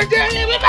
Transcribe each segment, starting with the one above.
God damn it!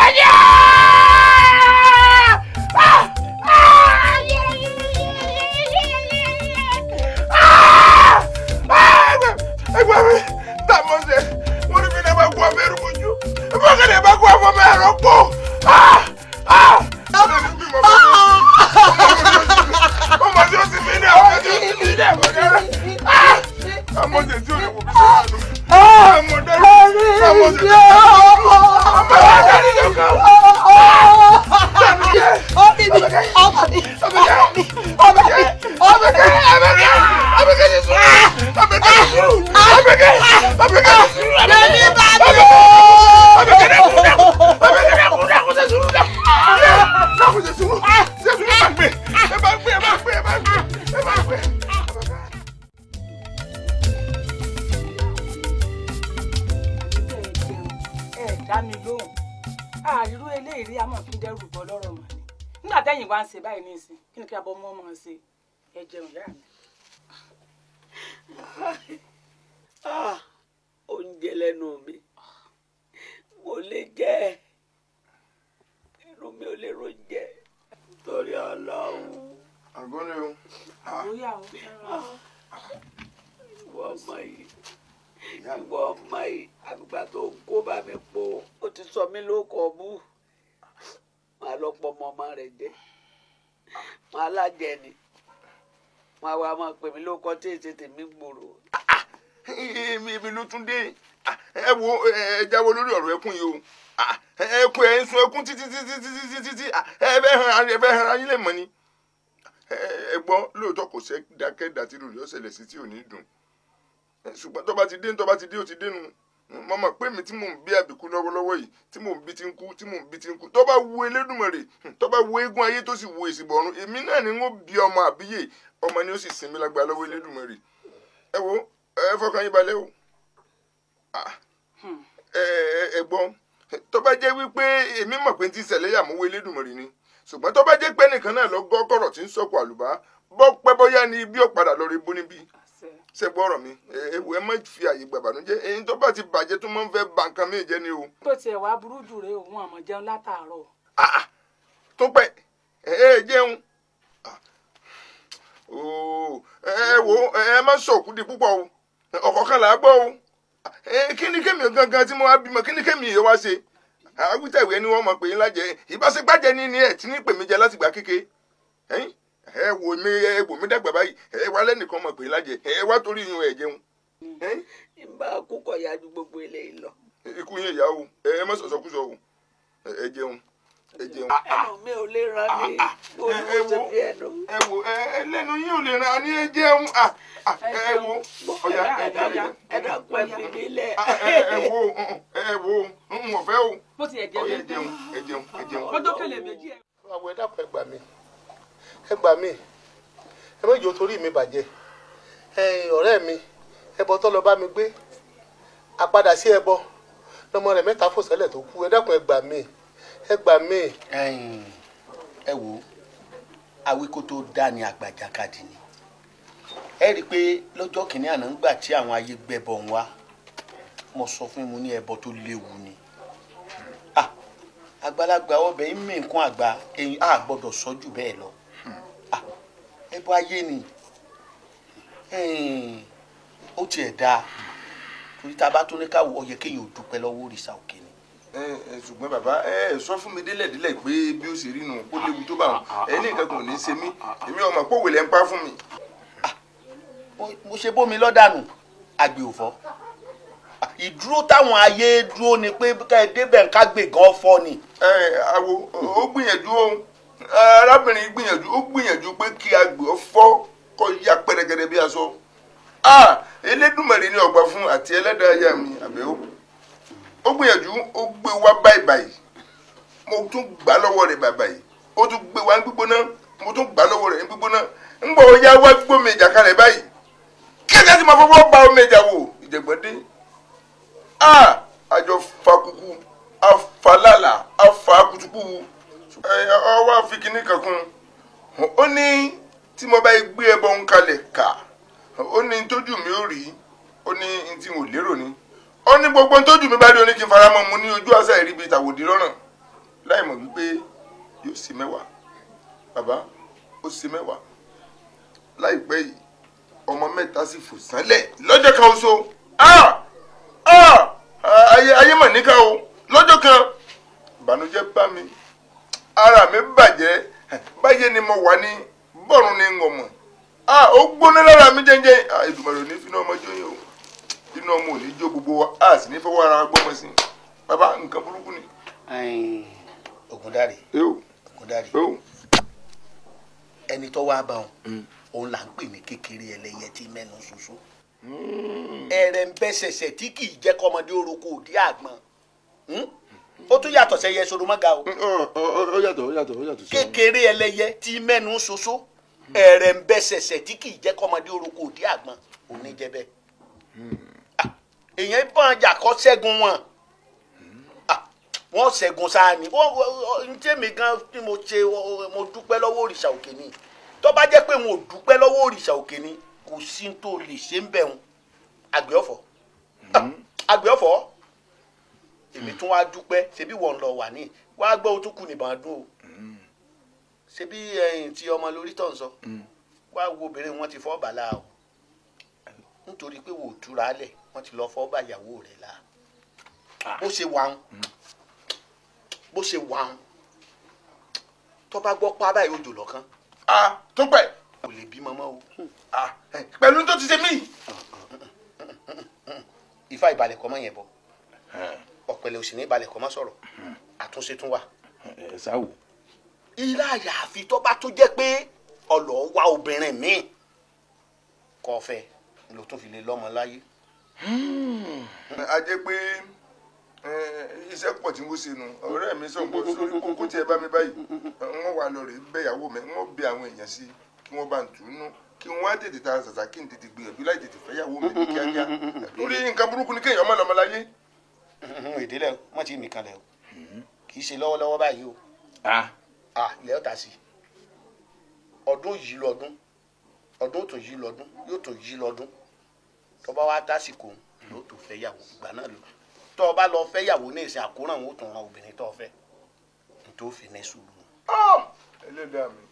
wọn àwa máa pè mí lóko tí èsì tèmi gbòòrò. èmi ló tún dé ẹ wo ẹ jáwọ́ lórí ọ̀rọ̀ ẹkún yìí o ẹkún ẹ ń sun ẹkún títí títí títí títí ẹ bẹ hàn ẹ bẹ hàn ayé lè mọ ni. ẹ gbọ́ lóòótọ́ kò sẹ́ dákẹ́dá tí lòlẹ́ ọ̀sẹ̀lẹ̀ sí tí ò ní dùn ṣùgbọ́n tó bá ti dé tó bá ti dé ó ti dénú mo mọ̀ pé mi tí mò ń bí àbíkú lọ́wọ́lọ́wọ́ yìí tí mò ń bí ti ń kú tí mò ń bí ti ń kú tó bá wu Elédùmarè tó bá wu eégún ayé tó sì wu èsì bọ̀run èmi náà ni wọ́n bí ọmọ àbíyè ọmọ ni ó sì sinmi lágbára lọ́wọ́ Elédùmarè ẹ wo ẹ fọkàn yín balẹ̀ o ah, ẹ gbọ́ tó bá jẹ́ wípé èmi mọ̀ pé ti ṣẹlẹ̀ yàmúwò Elédùmarè ni ṣùgbọ́n tó bá jẹ́ pé nìkan náà lọ gbọ́ kọ̀rọ̀ tí ń sọ̀kò àlùbá bọ́ pẹ́ bóyá ni ibi ò padà lọ rí bó níbí ṣe gbọ́rọ̀ mi ẹ má fi àyè gbà bànújẹ́ eyín tó bá ti bàjẹ́ tó máa ń fẹ́ ba nǹkan míì jẹ́ ni o. tó tiẹ̀ wá burú jù rè òun àmọ̀ jẹun látàárọ̀. Ah, ah, tó pẹ́ ẹ jẹun ẹ wo ẹ má sọ̀kú di púpọ̀ o ọ̀kọ̀ọ̀kan là á gbọ́ o kí ni kémi gangan tí mo wá bímọ kí ni kémi yìí wá ṣe àwítẹ̀wé ni wọ́n mọ̀ pé ńlá jẹ ìbáṣepájẹ ni ni ẹ̀ tí ní pèmí jẹ látìgbà kéke ẹ wò mí ẹ wò mí dàgbà báyìí ẹ wá lẹ́nìkan mọ̀ pé ńlá jẹ ẹ wá torí ìyún ẹ̀ jẹun. ìbá kúkọ̀ yá ju gbogbo eléyìí lọ. ikú yín ìyá o ẹ má sọ̀sọ̀kúsọ o ẹ jẹun. Ah, ah. ẹnu mi ò lè ran ni olùwọ́sẹ̀ bí ẹnu. ẹ wo ẹlẹ́nu yín ò lè ran ni ẹ jẹun ah, ẹ wo ọ̀yà ẹ jẹ́ ẹ dàgbọ́ ẹ mi lẹ̀. ẹ wo ẹ wo n fẹ́ o ọ̀yà ẹ jẹun ẹ jẹun ẹ jẹun. ọjọ́ kẹlẹ̀ méjì ẹ. àwọn ẹ dàpọ̀ ẹ gbà mí ẹ ẹ méjì ó torí mi bàjẹ́ ọ̀rẹ́ mi ẹbọ tó lọ bá mi gbé àpadà sí ẹbọ lọmọ rẹ mẹ́ta fò sẹ́lẹ̀ tó kú ẹ dákun ẹ gbà ẹ gbà mí. ẹ wo awíkó tó dá ní àgbàjákadì ni ẹ rí i pé lọ́jọ́ kìíní àná ń gbà tí àwọn ayé gbẹbọ ń wá mo sọ fún mi ní ẹbọ tó léwu ni àgbàlagbà ọbẹ̀ yìí mí nǹkan àgbà èyí á gbọ́dọ̀ sọ jù bẹ́ẹ̀ lọ ẹbọ ayé ni ó tiẹ̀ dáa torí tá a bá tún ní káwọ ọyẹ kéèyàn ò dúpẹ́ lọ́wọ́ òrìṣà òkè ni ṣùgbọ́n bàbá ẹ sọ fún mi délẹ̀délẹ̀ pé bí ó ṣe rí nù kó léwu tó bá wọn ẹ ní nǹkan kan ò ní ah, ṣe mí ah, ah. èmi ọmọ kó wèlé ń pa fún mi. mo ṣe bómi lọ́dànù àgbè òfò ìdúró táwọn ayé dúró ni pé ká ẹ débẹ̀ ká gbè gan fọ́ ni. ẹ àwo ó gbìyànjú ohun arábìnrin gbìyànjú ó gbìyànjú pé kí àgbè ọfọ́ kọ ya pẹrẹgẹdẹ bí aṣọ. elédùnmọ̀rẹ́ ni ọgbà fún àti ẹlẹ́dàá ayé mi àbẹ̀wò. ó gbìyànjú ó gbé wá báyìí báyìí mo tún gbà lọ́wọ́ rẹ̀ bàbá ó tún gbé wá ní gbígbóná mo tún gbà lọ́wọ́ rẹ̀ gbígbóná ń bọ̀ ó yá wá kalẹ̀ báyìí sì máa fọwọ́ ba wò ìjẹ̀gbọ́dé a afalala afakutuku ó ní tí mo bá gbé ẹbọ ń kalẹ̀ ó ní tójú mi ó rí ni. ó ní gbogbo tó jù mí bá rí oní kí n fara mọ́ mu ní ojú àṣà ìríbi ìtàwòdì lọ́nà láì mọ̀ wípé yóò sí mẹ́wàá bàbá ó sí mẹ́wàá láìpẹ́ yìí ọmọ mẹ́ta sì fò sánlẹ̀ lọ́jọ́ kan oṣù ayé ayé mọ̀ níkà o lọ́jọ́ kan ìbànújẹ́ bá mi ara mi bàjẹ́ báyé ni mo wà ní bọ́ọ̀rùn ni ń wọ̀ mọ̀ ó gbóná lára mi jẹ́jẹ́ ìdùmọ̀ràn ò ní fi ní ọmọ jóyè o inú ọmọ ò ní jó gbogbo wa a sì ní fọwọ́ ara gbọ́mọ sí bàbá nǹkan burúkú ni. Ògúndáre Ògúndáre ẹni tó wá bá wọn hmm. òun là ń pè ní kékeré ẹlẹ́yẹ tí mẹ́nu ṣoṣo hmm. ẹ̀rẹ̀ ń bẹ́sẹ̀sẹ̀ tí kì í jẹ́ kọ́mọdé oroko òdí àgbọn hmm? ó tún yàtọ̀ sẹ́yẹ sọ̀rọ̀ mọ́ga o. ó yàtọ̀ ó yàtọ̀ ó yàtọ̀ sẹ́yẹ. kékeré ẹlẹ́yẹ tí mẹ́nu ṣoṣo ẹ̀rẹ̀ ń bẹ́sẹ̀sẹ̀ tí kì í jẹ́ kọ́mọdé oroko òdí àgbọn òun ní jẹ́ bẹ́ẹ̀ èèyàn bá jà kọ́ ṣẹ́gun wọn wọ́n ṣẹ́gun sáà ni n tẹ́mi gan tí mo ṣe mo dúpẹ́ lọ́wọ́ òrìṣà òkè ni tó bá jẹ́ pé mo dúpẹ́ lọ́wọ́ òrìṣà òkè ni kò sí tó lè ṣe ń bẹ̀rùn àgbẹ̀ ọ̀fọ̀ hmm. àgbẹ̀ ọ̀fọ̀ èmi tún wá dúpẹ́ ṣebí wọ́n lọ wà ní wá gbọ́ ohun tó kù nìbọn dún o hmm. ṣebí ẹ̀yìn tí ọmọ lórí tọ̀ ń sọ hmm. wá wo obìnrin wọn ti fọ́ bàlá o nítorí pé wò ó túra lẹ̀ wọ́n ti lọ fọ́ bá ìyàwó rẹ̀ la ah. bó ṣe wàhùn hmm. bó ṣe wàhùn tó bá gbọ́ pa báyìí ojò lọ́kàn. a ah, tó pẹ́. kò lè bí mọ́mọ́ o. Hmm. Ah, pẹ̀lú tó ti ṣe mí. ifá ìbalẹ̀ kọ́ mọ́ yẹn bọ̀ eh. ọ̀pẹ̀lẹ̀ òsì ní ìbalẹ̀ kọ́ mọ́ sọ̀rọ̀ hmm. àtúnṣe tún wà. Eh, ẹ sáwò. ilé àyàfi tó bá tó jẹ́ pé ọlọ́ọ̀ wá obìnrin míì kọ́ fẹ́ ló tún fi lè lọ́mọ láyé a jẹ́ pé eh, iṣẹ́ pọ̀ tí mo ṣe nu ọ̀rẹ́ mi sọ pé sórí kókó tí ẹ bá mi báyìí wọ́n wà lọ rè bẹ́yàwó mi wọ́n bẹ àwọn èèyàn sí kí wọ́n bá ń tù ú nú kí wọ́n á tètè ta ṣàṣà kí n tètè gbìyànjú láì tètè fẹ́yàwó mi ní kíákíá lórí nǹkan burúkú ni kéèyàn mọ̀nà ọmọláyé. ìdílé wọn ti mì kanlẹ̀ o kì í ṣe lọ́wọ́lọ́wọ́ báyìí o ilẹ̀ ọ̀tà sí ọdún yìí lọ́dún ọdún tó yìí lọ́dún yóò tó yìí lọ́dún tọba wa tásìkò yóò tó fẹ́ yàwó ìgbà náà lò tọba lọ fẹ́ yàwó ní ìsìn àkóràn ó tún ran obìnrin tó fẹ́ nítorí fi ní sùúrù. Ah! ẹlẹ́dàá mi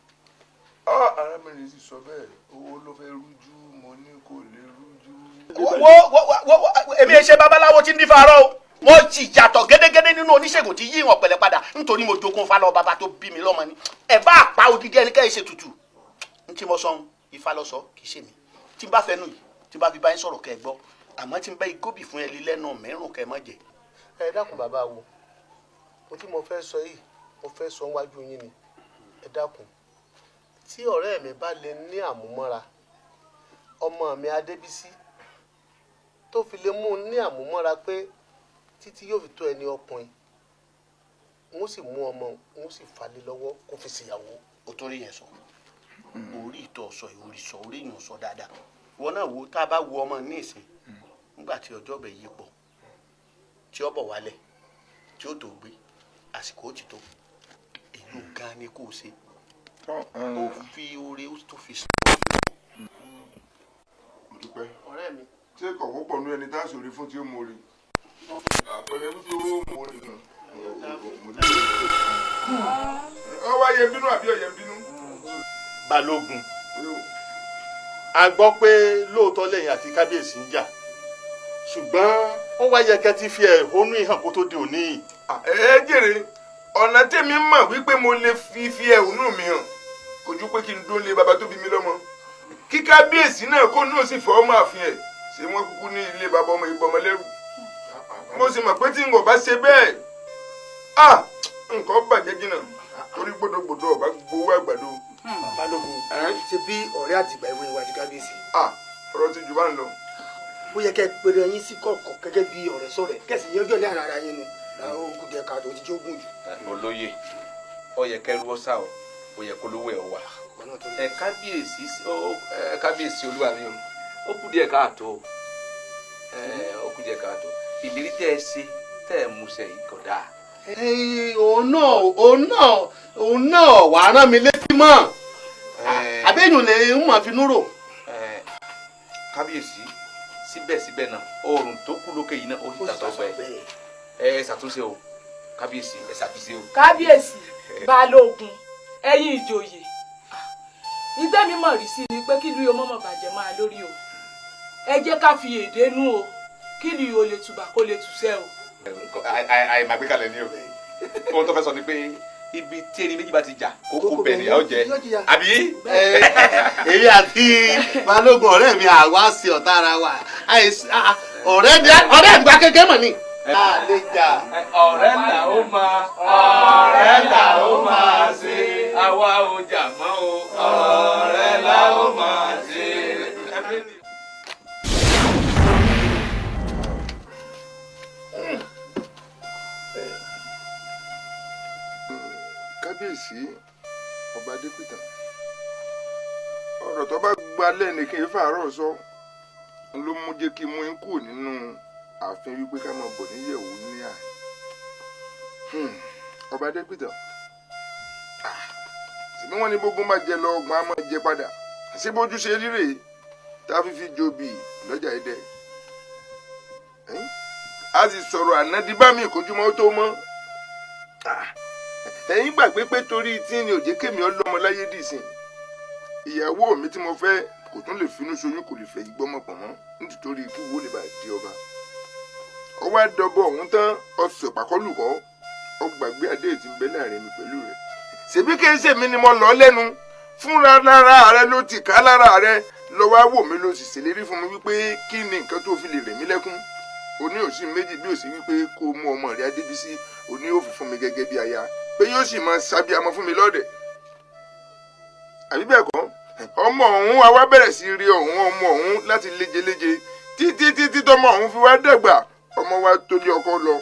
ah! arábìnrin sì sọ bẹ́ẹ̀ owó ló fẹ́ rújú mo ní kò lè rújú. wo wo wo èmi ẹ ṣe babaláwo tí ń dífà rọ o wọ́n ti yàtọ̀ gédégédé nínú oníṣègùn tí yí ìwọ̀n pẹ̀lẹ́ padà nítorí mo jogún falọ bàbá tó bí mi lọ́mọ ni ẹ bá a pa odidi ẹnikẹ́ni ṣètùtù ní tí mo sọ ifá lọ sọ kì í ṣe mi tí n bá fẹ́ nù yìí tí bá fi bá yín sọ̀rọ̀ kẹ́ ẹ gbọ́ àmọ́ tí n bá igóbì fún ẹ lílẹ́ náà mẹ́rùn kẹ́ ẹ má jẹ. ẹ dákun bàbá wo mo tí mo fẹ́ sọ yìí mo fẹ́ sọ wájú yín ni ẹ dákun tí ọ̀rẹ́ mi bá lè ní àmúmọ́ra ọmọ mi adébísí tó fi lè mú un ní àmúmọ́ra pé títí yóò fi tó ẹni ọkùnrin n ó sì mú ọmọ n ó sì falẹ̀ lọ́wọ́ kó fi ṣèyàwó. o tó rí yẹn sọ orí ìtọ̀ sọ ìwòrì sọ orí ìyàn sọ dáadáa wọn náà wo tá a bá wo ọmọ ní ìsìn nígbà tí ọjọ́ bẹ̀ yí pọ̀ tí ó bọ̀ wálẹ̀ tí ó tó gbé àsìkò ó ti tó èyí gan ni kò ṣe ó fi oore ó tó fi sùn. ọ̀rẹ́ mi. ṣé kọ̀wọ́ pọ̀ ní ẹni tá a sòrí fún tí ó mórí àpẹẹrẹ wípé ó mórí gan ọ wá yẹ bínú àbí ọ̀yẹ́ bínú. balógun. a gbọ́ pé lóòótọ́ lẹ́yìn àti kábíyèsí ń jà ṣùgbọ́n ó wá yẹ kẹ́ ti fi ẹ̀hónú ìhàn kó tó di òní yìí. ẹ jèrè ọ̀nà tèmi mọ̀ wípé mo lè fi fi ẹ̀hónú mi hàn kò ju pé kí n dóle bàbá tó bí mi lọ́mọ kí kábíyèsí náà kó náà sì fọ́ ọmọ àfin ẹ̀ ṣé wọ́n kúkú ní ilé bàbá ọmọ ìbọn ọmọlẹ́rù mo sì mọ̀ pé tí n ò bá ṣe bẹ́ẹ̀ nǹkan bàjẹ́ jìnnà torí gbódògbòdò ọ̀bá gbowó àgbàdo. Hmm. balógun ti ó yẹ kẹ́ pèrè yín sí kọ̀ọ̀kan gẹ́gẹ́ bí ọ̀rẹ́ sọ̀rẹ́ kẹ́sì ọrịa ní ara ara yín ni làwọn ogun jẹ káàdó ti jù. olóye o ó yẹ kó lówó wà. ẹ kábíyèsí ẹ kábíyèsí olúwa mi ó ó ẹ Eh, òun náà òun náà òun náà wàá rán mi létí mọ́ eh. àbẹ́yùn lè ń mọ̀ finú rò. Eh, kábíyèsí síbẹ̀síbẹ̀ náà oòrùn tó kú lókè yìí náà ó ti tàtọ́ bẹ́ẹ̀ ẹ ṣàtúnṣe o kábíyèsí ẹ ṣàtúnṣe o. kábíyèsí balógun ẹ̀yin ìjòyè ìgbẹ́ mi mọ̀ rí sí ni pé kí lu yóò mọ̀mọ̀ bàjẹ́ máa lórí o ẹ jẹ́ ká fi èdè nú o kí lu yóò lè tùbà kó lè tùṣẹ́ o àìmọ̀ àgbékalẹ̀ ni o ohun tó fẹ́ sọ ni pé ibi tí ẹni méjì bá ti jà kókó bẹ̀ ni yóò jẹ àbí. èyí àti balógun ọ̀rẹ́ mi àwa sí ọ̀tá ara wa ọ̀rẹ́ ìgbà kékeré mọ̀ ni ta lè jà. ọ̀rẹ́ là ó máa ọ̀rẹ́ là ó máa ṣe àwa ò jà mọ́ o ọ̀rẹ́ là ó máa ṣe. kábíyèsí ọba adépìtàn ọ̀rọ̀ tó bá gba lẹ́ni kí n fàárọ̀ sọ ló mú jẹ́ kí n mú in kù nínú ààfin wípé ká máa bọ̀ níyẹ̀wò ní à hmm, ọba adépìtàn ah, ṣèbí wọ́n ní gbogbo máa jẹ lọ ọgbọ́n á máa jẹ padà ṣé bójú ṣe rírè tá a fi fi jobi lọ́jà ẹ̀dẹ́ a sì sọ̀rọ̀ ànádìbámi ìkójúmọ́ tó mọ́. Ah, ẹ̀yin gbàgbé pé torí tí ni òjé kémi ọlọ́mọ láyé dìsìn ìyàwó mi tí mo fẹ kò tún lè finú ṣoyún kò lè fẹ yí gbọ́mọ pọ̀ mọ́ nítorí ikú wo lè bá di ọba ọwọ àdọ́bọ̀ ọ̀hún tán ọ̀sẹ̀ pàkọ́lùkọ́ ọgbàgbé adé ti ń bẹ láàrin mi pẹ̀lú rẹ̀ ṣèbí kí n ṣe mi ni mo lọ lẹ́nu fúnra lára rẹ ló ti ká lára rẹ lọwọ awọ mi ló sì ṣèlérí fún mi wípé kí ni nǹkan tó fi lè rẹ̀ mí lẹ́kún oní òsì méjì bí òsì wípé kó mú ọmọ rẹ Adébísí oní òfin fún mi gẹ́gẹ́ bí aya pé yóò sì máa ṣàbíamọ fún mi lọ́dẹ̀ àbí bẹ́ẹ̀ kọ́ ọmọ ọ̀hún wa wá bẹ̀rẹ̀ sí rí ọ̀hún ọmọ ọ̀hún láti léjeléje títí títí tọmọ ọ̀hún fi wá dàgbà ọmọ wa tó lé ọkọ lọ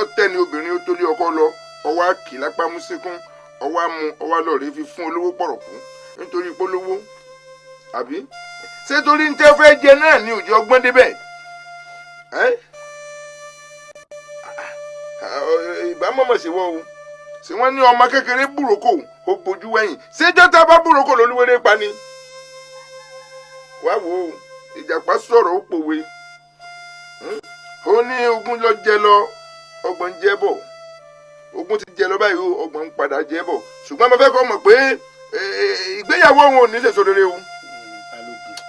ọtẹ ni obìnrin tó lé ọkọ lọ ọwọ́ àkì lápá mú síkún ọwọ́ àmú ọwọ́ àlọ́ọ̀rẹ́ fi fún olówó pọ̀rọ̀kú nítorí polówó àbí ṣé torí ń tẹ́ fẹ́ jẹ náà ni òjò ọgbọ́n débẹ̀ ah, ah, ah, ìbámu ọmọ ṣèwọ́ o ṣé wọ́n ní ọmọ kékeré búroko ó bójú wẹ̀yìn ṣéjọ́ tá a bá búroko lólúwéré pa ni. wá wo ìjàpá sọ̀rọ̀ ó pòwe hmm? ó ní ogún lọ jẹ lọ ọgbọ̀n ń jẹ bọ̀ ogún ti jẹ lọ báyìí o ọgbọ̀n ń padà jẹ bọ̀ ṣùgbọ́n mo fẹ́ kọ́ mọ̀ pé e, e, ìgbéyàwó òun ò ní sèso rere o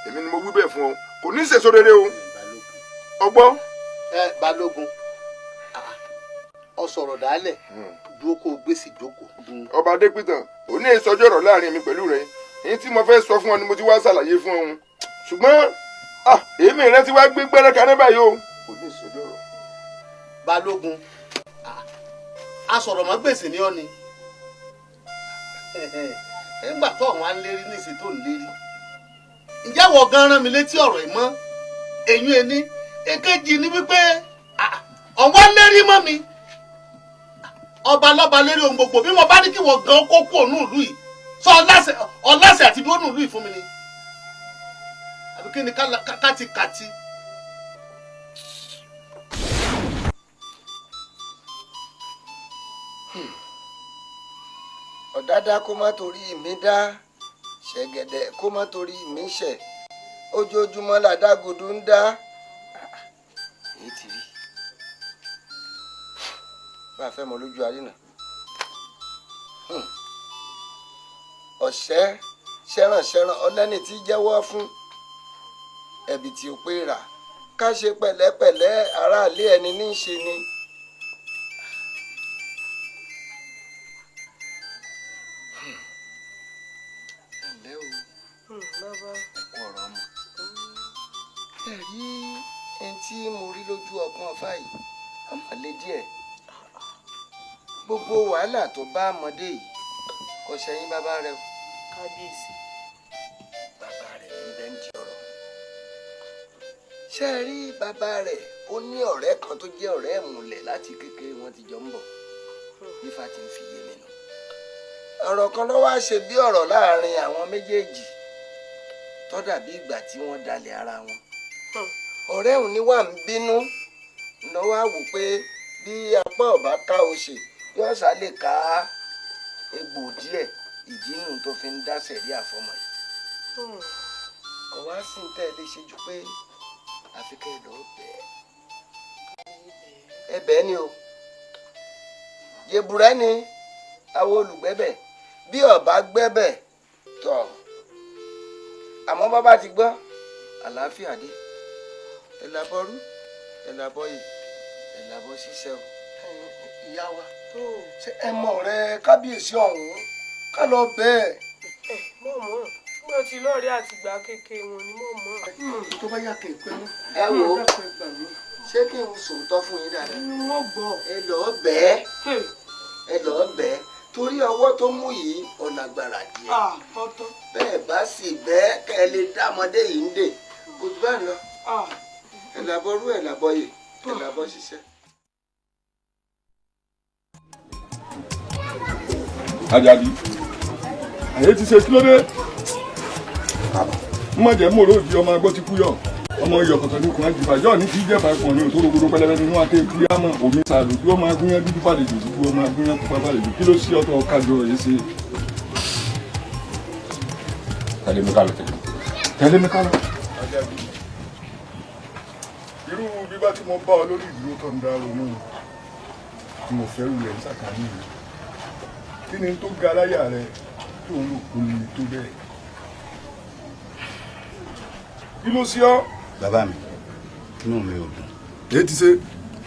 èmi ni mo wí bẹ́ẹ̀ fún ọ kò ní sèso rere o ọgbọ́n. ẹ balógun ọ ah, ah. sọ̀rọ̀ dálẹ̀. Hmm dúró kó o gbé sí ìjókòó. Mm. ọba adépítàn ò ní ìsọjú ọ̀rọ̀ láàrin mi pẹ̀lú rẹ èyí tí mo fẹ́ sọ fún ọ ni mo ti wá ṣàlàyé fún ọ ṣùgbọ́n ah, èémí rẹ ti wá gbé gbẹ́rẹ́ kaná báyìí o. kò ní ìsọjú ọ̀rọ̀. balógun asọ̀rọ̀ ah, mọ́ gbèsè ní ọ́ni nígbà tó àwọn alérí ní ìsìn tó ń lérí ǹjẹ́ wọ́n gan rán mi létí ọ̀rọ̀ yìí mọ́ èyún ẹni èkejì ni wípé ah, ọ̀wọ́n lérí mọ́ mi ọba lọ́ba lérí ohun gbogbo bí wọ́n bá ní kí wọ́n gan kó kú òun ìlú yìí sọ ọlásẹ̀ àti dúró ìlú yìí fún mi ni àbí kí ni kátikàti. Hmm. ọ̀dádá kó má torí mi dá ṣẹ̀gẹ̀dẹ̀ kó má torí mi ṣẹ̀ ojoojúmọ́ làdágodo ń dá. Ah, ah bá a fẹ́ mọ lójú àrínà hmm. ọ̀sẹ́ ṣẹ́rànṣẹ́ràn ọlẹ́ni tí jẹ́wọ́ fún ẹ̀bì tí ó pé rà ká ṣe pẹ̀lẹ́pẹ̀lẹ́ aráàlé ẹni ní í ṣe ni. ẹ̀lẹ́ hmm, o hmm, ẹ̀kọ́ ọ̀rọ̀ ọmọ ẹ̀rí ẹni tí mo rí lójú ọgbọ́n fáyì ọmọ lé díẹ̀ gbogbo wàhálà tó bá ọmọdé yìí kò sẹ́yìn bàbá rẹ o. kábíyèsí. bàbá rẹ ń bẹ ń di ọ̀rọ̀. ṣé ẹ rí bàbá rẹ ó ní ọ̀rẹ́ kan tó jẹ́ ọ̀rẹ́ ìmùlẹ̀ láti kékeré wọn ti jọ ń bọ̀ nífà tí ń fi yé mi nù. ọ̀rọ̀ kan ló wá ṣe bí ọ̀rọ̀ láàrin àwọn méjèèjì tó dàbí ìgbà tí wọ́n dalẹ̀ ara wọn. Hmm. ọ̀rẹ́ òun wà ń bínú lọ́wọ́ á pé bí apá ọ̀bá ká o ṣe. Hmm yóò sá lè ká egbò díẹ̀ ìdínú tó fi ń dá sẹ̀rí àfọmọ́ yìí. Hmm. kò wá sí ní tẹ́ ẹ lè ṣe ju pé àfi kẹ́ ẹ lọ́ọ́ bẹ́ẹ̀. ẹ bẹ́ẹ̀ ni o jẹ̀bùrẹ́ ni àwọn olùgbẹ́bẹ̀ bí ọba gbẹ́bẹ̀ tọ̀ àmọ́ bàbá ti gbọ́ àlàáfíà dé ẹ̀ làbọ̀ rú ẹ̀ làbọ̀ yìí ẹ̀ làbọ̀ ṣiṣẹ́ o. ìyá wa ṣe ẹ mọ ọ̀rẹ́ kábíyèsí ọ̀hún ká lọ bẹ́ẹ̀. Eh, eh, mọ̀mọ́ mo ti lọ́ọ̀rẹ́ àtìgbà kéke wọn ni mọ̀mọ́. Hmm, tó bá yà kéèpẹ́ mú. ẹ hmm, wo ṣé kí n sòótọ́ fún yín dáadáa. wọ́n gbọ́. ẹ lọ́ọ́ bẹ́ẹ̀ ẹ lọ́ọ́ bẹ́ẹ̀ torí ọwọ́ tó mú yìí ọ̀nà àgbàrá díẹ̀. Ah, bẹ́ẹ̀ bá sì bẹ́ẹ̀ kẹ́ ẹ lè dá ọmọdé yìí ń dè kò jù báyìí lọ. Ah. ẹ̀ làbọ̀ rú ẹ̀ làbọ̀ yìí ẹ̀ làbọ̀ ṣiṣẹ́. Àjàdí àyè ti ṣe kí ló dé má jẹ́ mò ló di ọmọ agbó ti kú yọ ọmọ yọkọtọ ní kun àjùbà yọ ní kí jẹba ẹkùn ní òtó rogodo pẹlẹbẹ nínú àti ìpínlẹ̀ àmọ́ omi sàlù bí ọmọ agúnyán dúdú balẹjò dúdú ọmọ agúnyán pupa balẹjò kí ló sí ọ̀tọ̀ kájọ yìí ṣe. tẹ̀lé mi ká lọ tẹ̀lé mi ká lọ. irú bíbá tí mo bá ọ lórí ìdúró tó ń dá ronú mo fẹ́ rú rẹ̀ ń sàkáyé rẹ̀ kí ni tó ga láyà rẹ tó ń lò kó lè tó bẹ́ẹ̀. kí ló ṣe ọ́. bàbá mi inú mi ò dùn. èyí ti ṣe.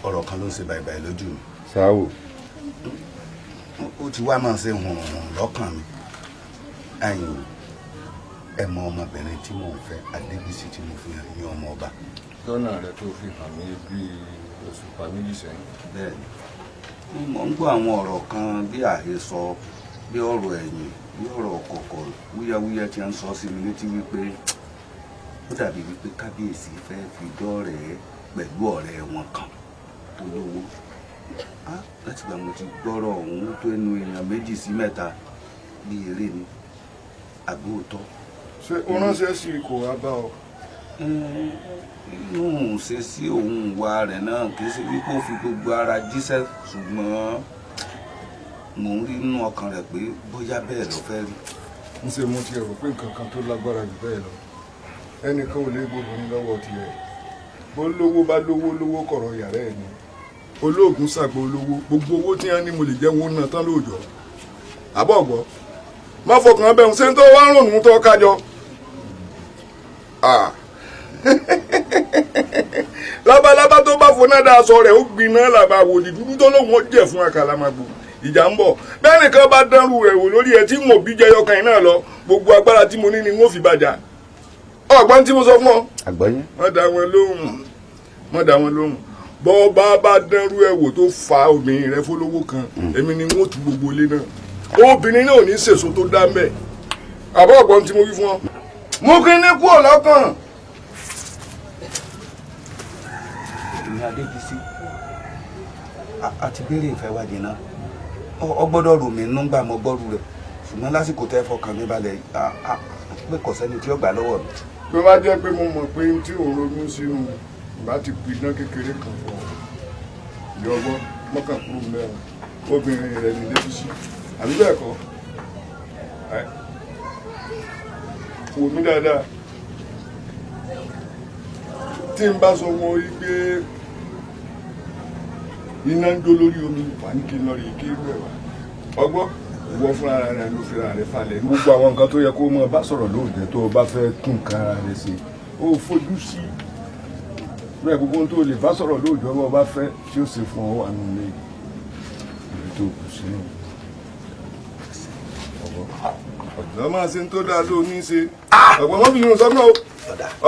ọ̀rọ̀ kan ló ń ṣe bàìbàì lójú mi. sáwò. ó ti wá máa ṣe hùn lọ́kàn mi. ẹ̀yin ẹ mọ ọmọbìnrin tí mò ń fẹ́ adébísí tí mo fi hàn ní ọmọ ọba. lọ́nà rẹ tó fi hàn mí bíi oṣù pa sẹ́yìn. bẹ́ẹ̀ ni mo ń gbọ́ àwọn ọ̀rọ̀ kan bí àhesọ bí ọ̀rọ̀ ẹ̀yìn bí ọ̀rọ̀ kọ̀kọ̀ wúyẹ́wúyẹ́ tí ń sọ sí mi létí wípé ó dàbí wípé kábíyèsí fẹ́ fi dọ́rẹ̀ẹ́ pẹ̀lú ọ̀rẹ́ wọn kan tó lówó láti gbà mo ti gbọ́rọ̀ ọ̀hún tó èèyàn méjì sí mẹ́ta eré ni ṣé o ránṣẹ́ sí nùhùn ṣe sí òun ìwà rẹ̀ náà kì í ṣe bí kò fi gbogbo ara jíṣẹ́ ṣùgbọ́n mò ń rí inú ọkàn rẹ̀ pé bóyá bẹ́ẹ̀ ló fẹ́ rí. ń ṣe mo ti rò pé nǹkan kan tó lágbára jù bẹ́ẹ̀ lọ ẹnìkan ò lè gbogbo ní lọ́wọ́ tiẹ̀ bó lówó bá lówó lówó kọ̀rọ̀ yàrá ẹ̀ ni olóògùn ṣàgbọ̀ olówó gbogbo owó tí wọ́n ní mo lè jẹ́ wọn náà tán lóòjọ́ àbọ̀ má fọkàn bẹ́ẹ̀ ń ṣe ń tó wá rònú tó kájọ. Ah. labalábá tó bá foná dáa sọ rẹ̀ ó gbiná làbà wòlíì dúdú tó lóun ó jẹ̀ fún àkàlàmàgbò ìjà ń bọ̀ bẹ́ẹ̀ nìkan bá dánrù rẹ̀ wò lórí ẹ tí mo bí jẹyọ kan iná lọ gbogbo agbára tí mo ní ni wọ́n fi bàjá ọ̀gbọ́n tí mo sọ fún ọ. àgbọ̀yé. wọ́n dá wọn lóhùn wọ́n dá wọn lóhùn bọ́ bá bá dánrù ẹ wò tó fa obìnrin rẹ fọlọ́wọ́ kan hmm. èmi ni wọ́n tu gbogbo ilé náà obìnrin náà ò ní sèso tó dá mbẹ́ àbọ̀ ọ̀gbọ́n tí mo wí fún ọ. mú kí ní kúọ̀ lọ́kàn. Wùnmí Adébísí àti béèrè ìfẹ́wádìí náà ọ gbọ́dọ̀ rò mí nínú gbà mọ́ bọ́ọ̀lù rẹ̀ ṣùgbọ́n lásìkò tẹ́ fọkàn mi balẹ̀ pé kò sẹ́ni tí ó gbà lọ́wọ́ mi. tó bá jẹ́ pé mo mọ̀ pé tí òun ronú sínú ìbá ti pu iná kékeré kan fọ ìyọ́gbọ́ mọ́kànkúrò mẹ́rin obìnrin rẹ̀ ní Débísí àbí bẹ́ẹ̀ kọ́ wò mí dáadáa tí n bá sọ wọn rí pé iná ń dó lórí omi wà ní kí n lọ rè kí irú ẹ̀ wá ọgbọ́ ìwọ fúnra rẹ ló fira rẹ falẹ̀. gbogbo àwọn nǹkan tó yẹ kó mọ bá sọ̀rọ̀ lóòjẹ́ tó o bá fẹ́ tún nǹkan ara rẹ ṣe ó fojú sí bẹ́ẹ̀ gbogbo ohun tó lè bá sọ̀rọ̀ lóòjọ́ bá o bá fẹ́ tí ó ṣe fún ọ wà nínú ilé tó kù sínú. ọ̀dọ́ máa ṣe ń tó dáa ló ní í ṣe ọ̀gbọ́n mọ́bìnrin sọ́nà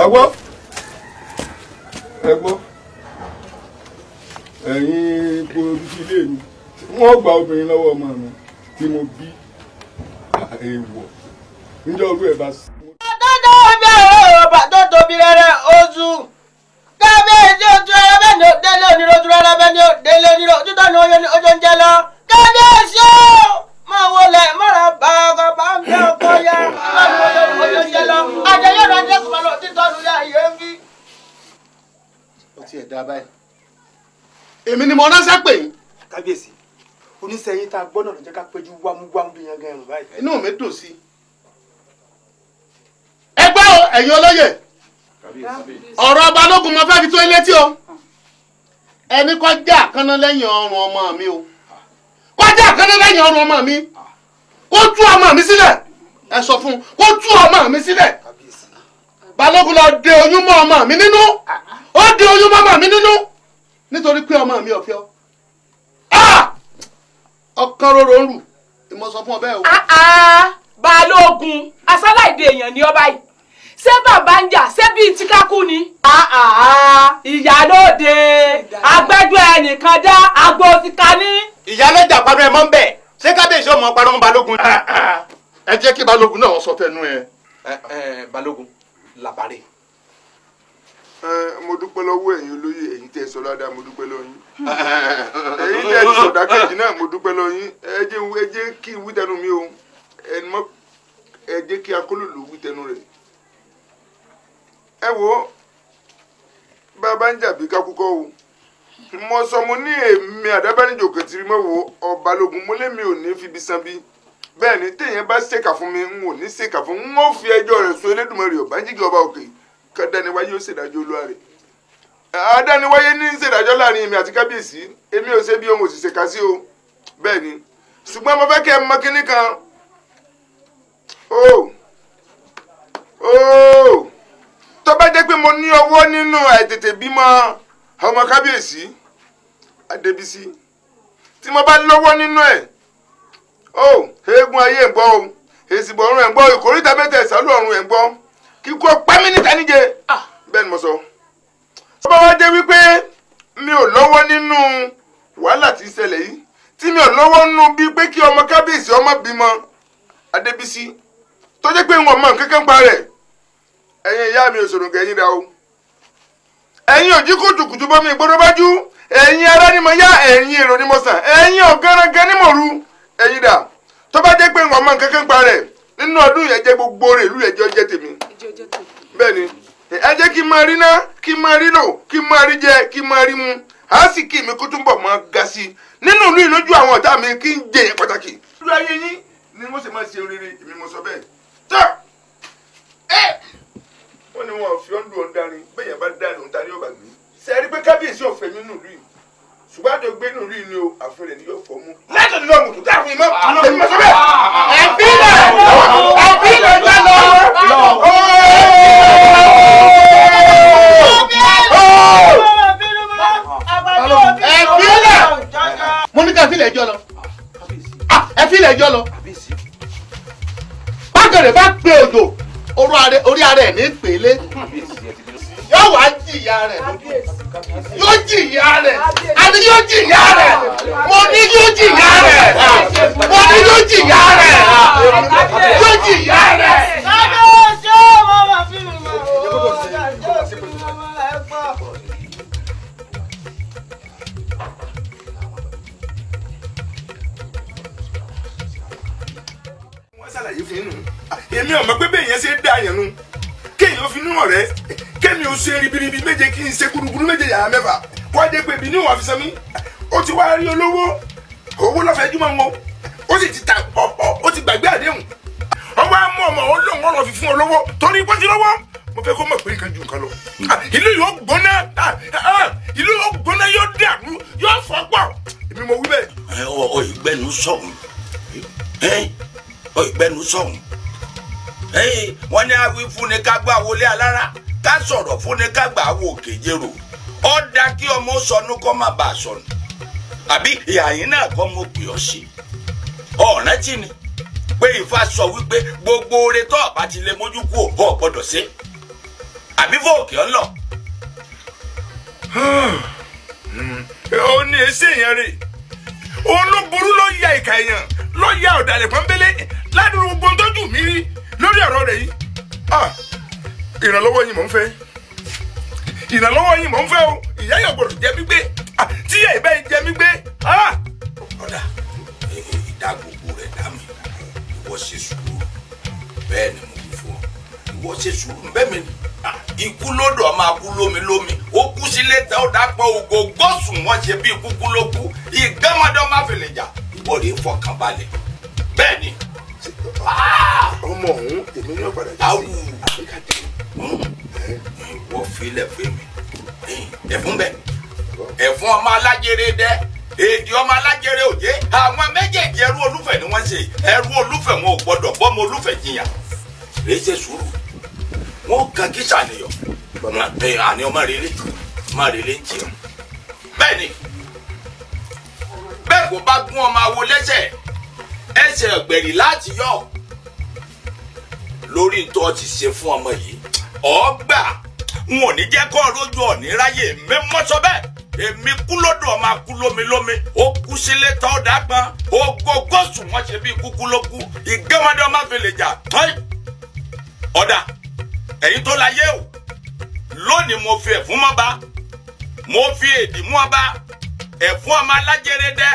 ọ̀gbọ́n ẹ̀gbọ́n. ẹ̀yin epo ilé mi wọ́n gba obìnrin lọ́wọ́ ọmọ mi tí mo bí èèwọ̀ níjọ́ ẹ̀ bá sí. ọjà oṣù kábíyèsí ojú ni délé onírò ojú bẹ́ẹ̀ ni délé onírò ojú tó ní ojú ń jẹ lọ kábíyèsí máa mọ́ra bá ọkọ̀ bá ń ọkọ̀ lọ ajẹyọ̀rọ̀ ajẹkùnmọ́ lọ títọ́nu yá ó ti èmi ni mo ránṣẹ́ pè yín. kábíyèsí oníṣẹ́yìn tá a gbọ́ náà ló jẹ́ ká péjú wámúwámú bí i. ẹ ẹ̀yin olóyè ọ̀rọ̀ ọba mo fẹ́ fi tó ilé tí o ẹni kọjá àkànná lẹ́yìn ọrùn ọmọ mi o kọjá àkànná lẹ́yìn ọrùn ọmọ mi kó ọmọ mi sílẹ̀ ẹ sọ fún un ọmọ mi sílẹ̀ balógun lọ de ọmọ mi nínú ó de ọmọ mi nínú. nítorí pé ọmọ mi ọ̀fẹ́ ọ. ọkàn roro ń rù mo sọ fún ọ bẹ́ẹ̀ o. Ah, ah, balógun asáláìdè èèyàn ni ọba yìí ṣé bàbá ń jà ṣé bíi tíkákú ni. Ah, ìyálóde agbẹjọ́ ẹnìkan dá agbo ti ka ní. ìyálẹ́jà parọ́ ẹ mọ́ ń bẹ̀ ṣé kábíyèsí ọmọ parọ́ mọ́ balógun. ẹ jẹ́ kí balógun náà sọ tẹnu ẹ. balógun làbárẹ̀ mo dúpẹ́ lọ́wọ́ ẹ̀yin olóyè ẹ̀yin tẹ́ sọ ládàá mo dúpẹ́ lọ́yìn ẹ̀yin tẹ́ sọ̀dá kejì náà mo dúpẹ́ lọ́yìn ẹ jẹ́ kí n wí tẹnu mi o ẹ kí akólòlò wí tẹnu rẹ̀ ẹ wo bàbá ń jàbí kákúkọ́ o mo sọ mo ní èmi àdábánijò kẹtìrì mọ́wọ́ ọ̀bálógun mo lémi ò ní fibi san bí bẹ́ẹ̀ ni téèyàn bá ṣèkà fún mi n ò ní ṣèkà fún n ó fi ẹjọ́ rẹ̀ sọ Elédùmarè ọ̀bánjígì ọba òkè kan dániwáyé ó ṣèdájọ́ olúwa rẹ̀ adániwáyé ní ṣèdájọ́ láàrin èmi àti kábíyèsí èmi ò ṣe bí ohun òṣìṣẹ́ kà sí o bẹ́ẹ̀ ni ṣùgbọ́n mo fẹ́ kẹ́ ẹ mọ kínní kan o oh. o oh. tó bá jẹ́ pé mo ní ọwọ́ nínú àìtètè bímọ ọmọ kábíyèsí adébísí tí mo bá lọ́wọ́ nínú ẹ̀ o oh, eégún ayé ń gbọ́ o èsì bọ̀ọ̀rùn ẹ̀ ń gbọ́ ìkórìtà mẹ́tẹ̀ẹ̀sálù ọ̀run ẹ̀ ń gbọ́. kí kò n'ita n'ije níta níje ah. bẹ́ẹ̀ ni mo sọ. jẹ́ wípé mi ò lọ́wọ́ nínú wàhálà tí ń ṣẹlẹ̀ yìí tí mi ò lọ́wọ́ nínú bíi kí ọmọ kábíyèsí ọmọ bímọ adébísí tó jẹ́ pé wọn mọ kankan pa rẹ̀ ẹ̀yin ìyá mi o ẹ̀yin òjí kùtùkùtù bọ́ mi bájú ẹ̀yin ará ni mo yá ẹ̀yin èrò ni mo sàn ẹ̀yin ni mo ru ẹ̀yin dà tó bá jẹ́ pé wọn bẹ́ẹ̀ ni ẹ jẹ́ kí n máa rí ná kí n máa rí nà kí n máa rí jẹ kí n máa rí mu á sì kí mi kó tún bọ̀ mọ́ ga sí i nínú ìlú ìlójú àwọn ọ̀tá mi kí n jẹyẹ pàtàkì. lórí ayé yín ni wọ́n sì máa ṣe rere èmi mo sọ bẹ́ẹ̀ tó ẹ wọ́n ní wọn fi ọ́n lu bẹ́ẹ̀ yẹn bá dárin òun ta ni yóò bá gbé. ṣe é rí pé kábíyèsí ọ̀fẹ́ mi nù lù yìí ṣùgbọ́n àjọ gbé nù lù ni o àfin rẹ̀ ni yóò fọ́ mú. látọ̀ nínú ọ̀gùn mo ní ká fílẹ̀ ẹjọ́ lọ ah, ẹ fílẹ̀ ẹjọ́ lọ bákẹ̀rẹ̀ bá pé odò orí ara ẹ̀ ní pèlé yóò wá jìyà rẹ̀ yóò jìyà rẹ̀ àní yóò jìyà rẹ̀ mo ní yóò jìyà rẹ̀ mo ní yóò jìyà rẹ̀ yóò jìyà rẹ̀. èmi ò mọ̀ pé bẹ́ẹ̀ yẹn ṣe dá yẹn nu kéèyàn fi nú ọ̀rẹ́ kémi ò ṣe ribiribi méje kí n ṣe gúdúgúdú méje yàrá mẹ́fà wá dé pé ibi ìwà fisẹ́mi ó ti wá rí olówó owó lọ́fẹ̀ẹ́ wọn ó sì ti ta ọ̀pọ̀ ó ti gbàgbé àdéhùn ọwọ́ á mú ọmọ olóhùn ọ̀rọ̀ fi fún olówó torí pọ́ńtì lọ́wọ́ mo fẹ́ kó mọ̀ pé nǹkan ju nǹkan lọ. Hmm. Ah, ìlú yóò gbóná ah, ah, ìlú yóò gbóná yóò dàrú yóò fọ́ pọ̀ èmi mo wí bẹ́ẹ̀. ọ ìgbẹ́nu sọ̀hún ọ ìgbẹ́nu sọ̀hún wọ́n ní awí fúnni ká gbà wọlé alára ká sọ̀rọ̀ fúnni ká gbà wọ òkè jèrò ó dá kí ọmọ sọnù kó má bàa sọnù àbí ìhàyín náà kọ́ mo pè ọ́ sí ọ̀ràn tí ni pé Ifá sọ wípé gbogbo oore tó ọ̀bá ti lè mójú kú òbọ̀ gbọ́dọ̀ sí àbí fòkè ọ́ lọ. ó ní èsì èèyàn rè òun ló burú ló ya ìka èèyàn ló ya ọ̀dàlẹ̀ pọ́nbélé ládùúgbò gbogbo tójú mi rí lórí ọ̀rọ̀ rẹ̀ yìí ah, ìrànlọ́wọ́ yín mò ń fẹ́ ìrànlọ́wọ́ yín mò ń fẹ́ o ìyá yóò gbọdọ̀ jẹ mí gbé ah, tí ìyá ìbá yìí jẹ mí gbé. Ah! ọ̀dà ìdágbòbò rẹ̀ dá mi ìwọ ṣe sùúrù bẹ́ẹ̀ ni mo fi fún ọ ìwọ ṣe sùúrù bẹ́ẹ̀ mi ikú lódò ọmọ akú lómi lómi ó kú sílé tá ó dápọ̀ ògo gọ́sùn wọn ṣe bí kúkú ló kú ìgbẹ́mọdé ọmọ àfẹlẹ̀jà ìwọ fọkànbalẹ̀ bẹ́ẹ̀ ni. Ah! ọmọ ọ̀hún èmi ní ọ̀padà jáwé àbíkàdé wọ́n fi ilẹ̀ fún mi ẹ̀fún bẹ́ẹ̀ ẹ̀fún ọmọ alájèrè dẹ́ èdè ọmọ alájèrè òjé àwọn méjèèjì ẹrú olúfẹ̀ ni wọ́n ṣe ẹrú olúfẹ̀ wọn ò gbọ́dọ̀ bọ́mọ olúfẹ̀ jiyàn rèé ṣe sùúrù wọn kan kí sàníyàn àní ọmọ rere ọmọ rere ń jẹun bẹ́ẹ̀ ni bẹ́ẹ̀ kò bá gún ọmọ awo lẹ́sẹ̀ ẹsẹ̀ ọ̀gbẹ̀rì láti yọ lórí tó ti ṣe fún ọmọ yìí ọgbà n ò ní jẹ́ kó rojú ọ̀ní ráyè mi mọ́ sọ bẹ́ẹ̀ èmi kú lódò ọmọ akú lómi lómi ó kú sílé tó dàgbọn ó gbogbo sùn wọn ṣe bí kúkú ló kú ìgbẹ́mọdé ọmọ fèlè jà tọ́yì ọ̀dà ẹ̀yin tó láyé o lónìí mo fi ẹ̀fún mọ́ba mo fi èdè mú ọba ẹ̀fún ọmọ alájẹrẹ dẹ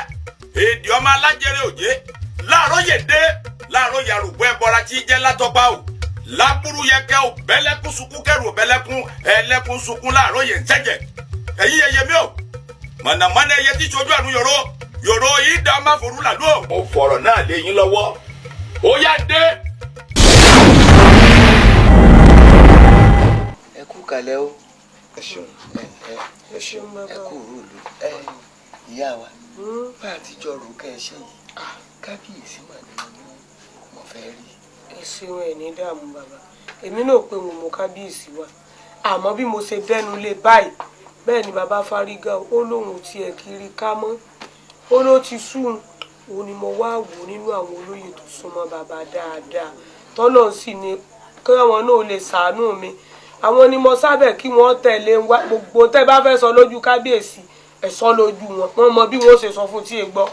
èdè ọmọ alájẹrẹ òjé láàárọ̀ yẹ̀ dé láàárọ̀ yàrùbọ̀ ẹ̀bọra tí jẹ́ látọ́gbà o lábúrú yẹkẹ́ o bẹ́lẹ́kún sunkún kẹrù bẹ́lẹ́kún ẹlẹ́kún sunkún láàárọ̀ yẹn jẹ́jẹ́ ẹ̀yí yẹyẹ mi o mọ̀nàmọ́ná ẹyẹ tí sojú àrùn yòró yòró yìí dá má forú làlú o. mo fọ̀rọ̀ náà lé yín lọ́wọ́ ó yá dé. ẹ kú kalẹ̀ o ẹ ṣeun ẹ ṣeun ẹ kú òru ẹ ìyá wa hmm? bá a ti jọ rò kẹ́ ẹ ṣe yìí ah. kábíyèsí má fẹ́ rí. ẹ ṣeun ní dààmú bàbá èmi náà pé mo mọ kábíyèsí wa àmọ́ bí mo ṣe bẹ́nu lé báyìí bẹ́ẹ̀ ni bàbá fárígá ó lóun tiẹ̀ kiri ká mọ́ ó ló ti sùn òun ni mo wá wò nínú àwọn olóyè tó súnmọ́ bàbá dáadáa tọ́lọ̀ sì ni káwọn náà lè ṣàánú mi àwọn ni mo sábẹ̀ kí wọ́n tẹ̀lé wa gbogbo tẹ́ bá fẹ́ sọ lójú kábíyèsí ẹ̀ sọ lójú wọn wọ́n mọ bí wọ́n ṣe sọ fún tí ì gbọ́.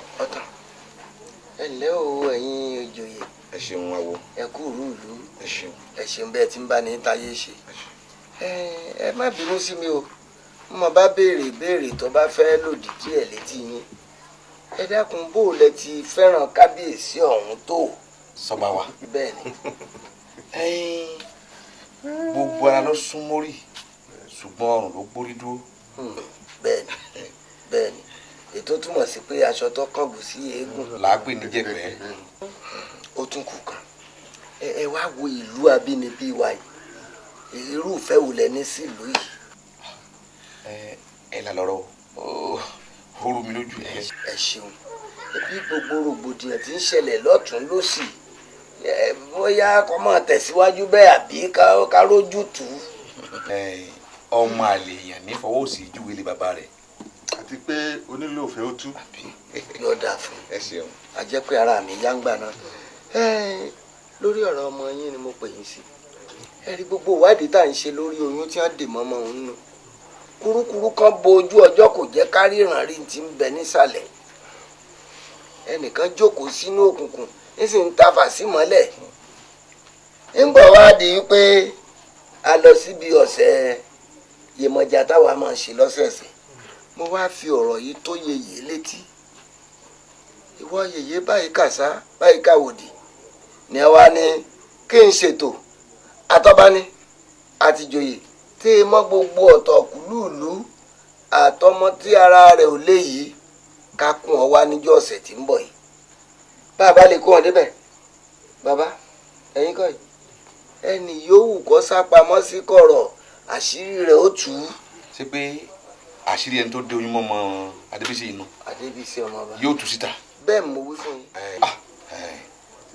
ẹ ǹlẹ́ o ẹ̀yin ìjòyè ẹ ṣeun awo. ẹ kú rúùlù. ẹ ṣeun. ẹ ṣeun bẹ́ẹ̀ tí ń bá ní táyé ṣe. ẹ má bínú sí mi o mo bá béèrè béèrè tó bá fẹ́ lòdì kí ẹ létí yín ẹ dákun bó lẹ ti fẹ́ràn kábíyèsí ọ̀hún tó. sọgbà wa. bẹ́ẹ̀ ni. gbogbo ara ló sún mórí ṣùgbọ́n ọrùn ló gbórí dúró. Hmm, bẹ́ẹ̀ ni ètò túmọ̀ sí pé aṣọ tó kángun sí eégún. làágbé níjẹ̀pẹ́. Hmm ó tún kù kan ẹ wá wo ìlú abínibí wa yìí irúfẹ́ wò lẹ ní sílùú yìí. ẹ ẹ là lọ́rọ̀ o ó rú mi lójú ẹ. ẹ ṣeun bí gbogbo rògbòdìyàn ti ń ṣẹlẹ̀ lọ́tún lọ́sì bóyá kó máa tẹ̀síwájú bẹ́ẹ̀ àbí ká rójú tù ú. ọmọ àlè èèyàn ní fọwọ́ sí ìjúwe lé bàbá rẹ̀. àti pé onílò òfin ó tú. yọ̀ọ̀dà fún un a jẹ́ pé ara mi yá ń gbà náà. lórí ọ̀rọ̀ ọmọ yín ni mo pè yín sí ẹ gbogbo ìwádìí tá à ń ṣe lórí oyún tí wọ́n dè mọ́mọ́ òun nù kurukuru kan bo ojú ọjọ́ kò jẹ́ kárí ríran rí ti ń bẹ nísàlẹ̀ ẹnìkan jókòó sínú òkùnkùn ń sì ń tafà sí mọ́lẹ̀ ń bọ̀ wá di pé a lọ síbi ọ̀sẹ̀ yèmọ̀jà táwa máa ṣe lọ́sẹ̀ẹ̀sẹ̀ mo wá fi ọ̀rọ̀ yìí tó yeye létí ìwọ yeye báyìí kàsá báyìí kàwòdì ni ẹ wá ní kí n ṣètò àtọ́bání àtìjòyè tí ẹ mọ́ gbogbo ọ̀tọ̀ kùlùlù àtọmọ tí ara rẹ̀ ò lé yìí ká kún ọ wá níjọ́ ọ̀sẹ̀ tí ń bọ̀ yìí bàbá lè kó wọn débẹ̀ bàbá ẹ̀yin kọ́ yìí ẹnì yòówù kó sápamọ́ sí kọ̀rọ̀ àṣírí rẹ̀ ó tù ú. ṣé pé àṣírí ẹni tó dé oyún mọ́ Adébísí yìí nù. Adébísí ọmọ bá yóò tù síta. bẹ́ẹ̀ mo wí fún yín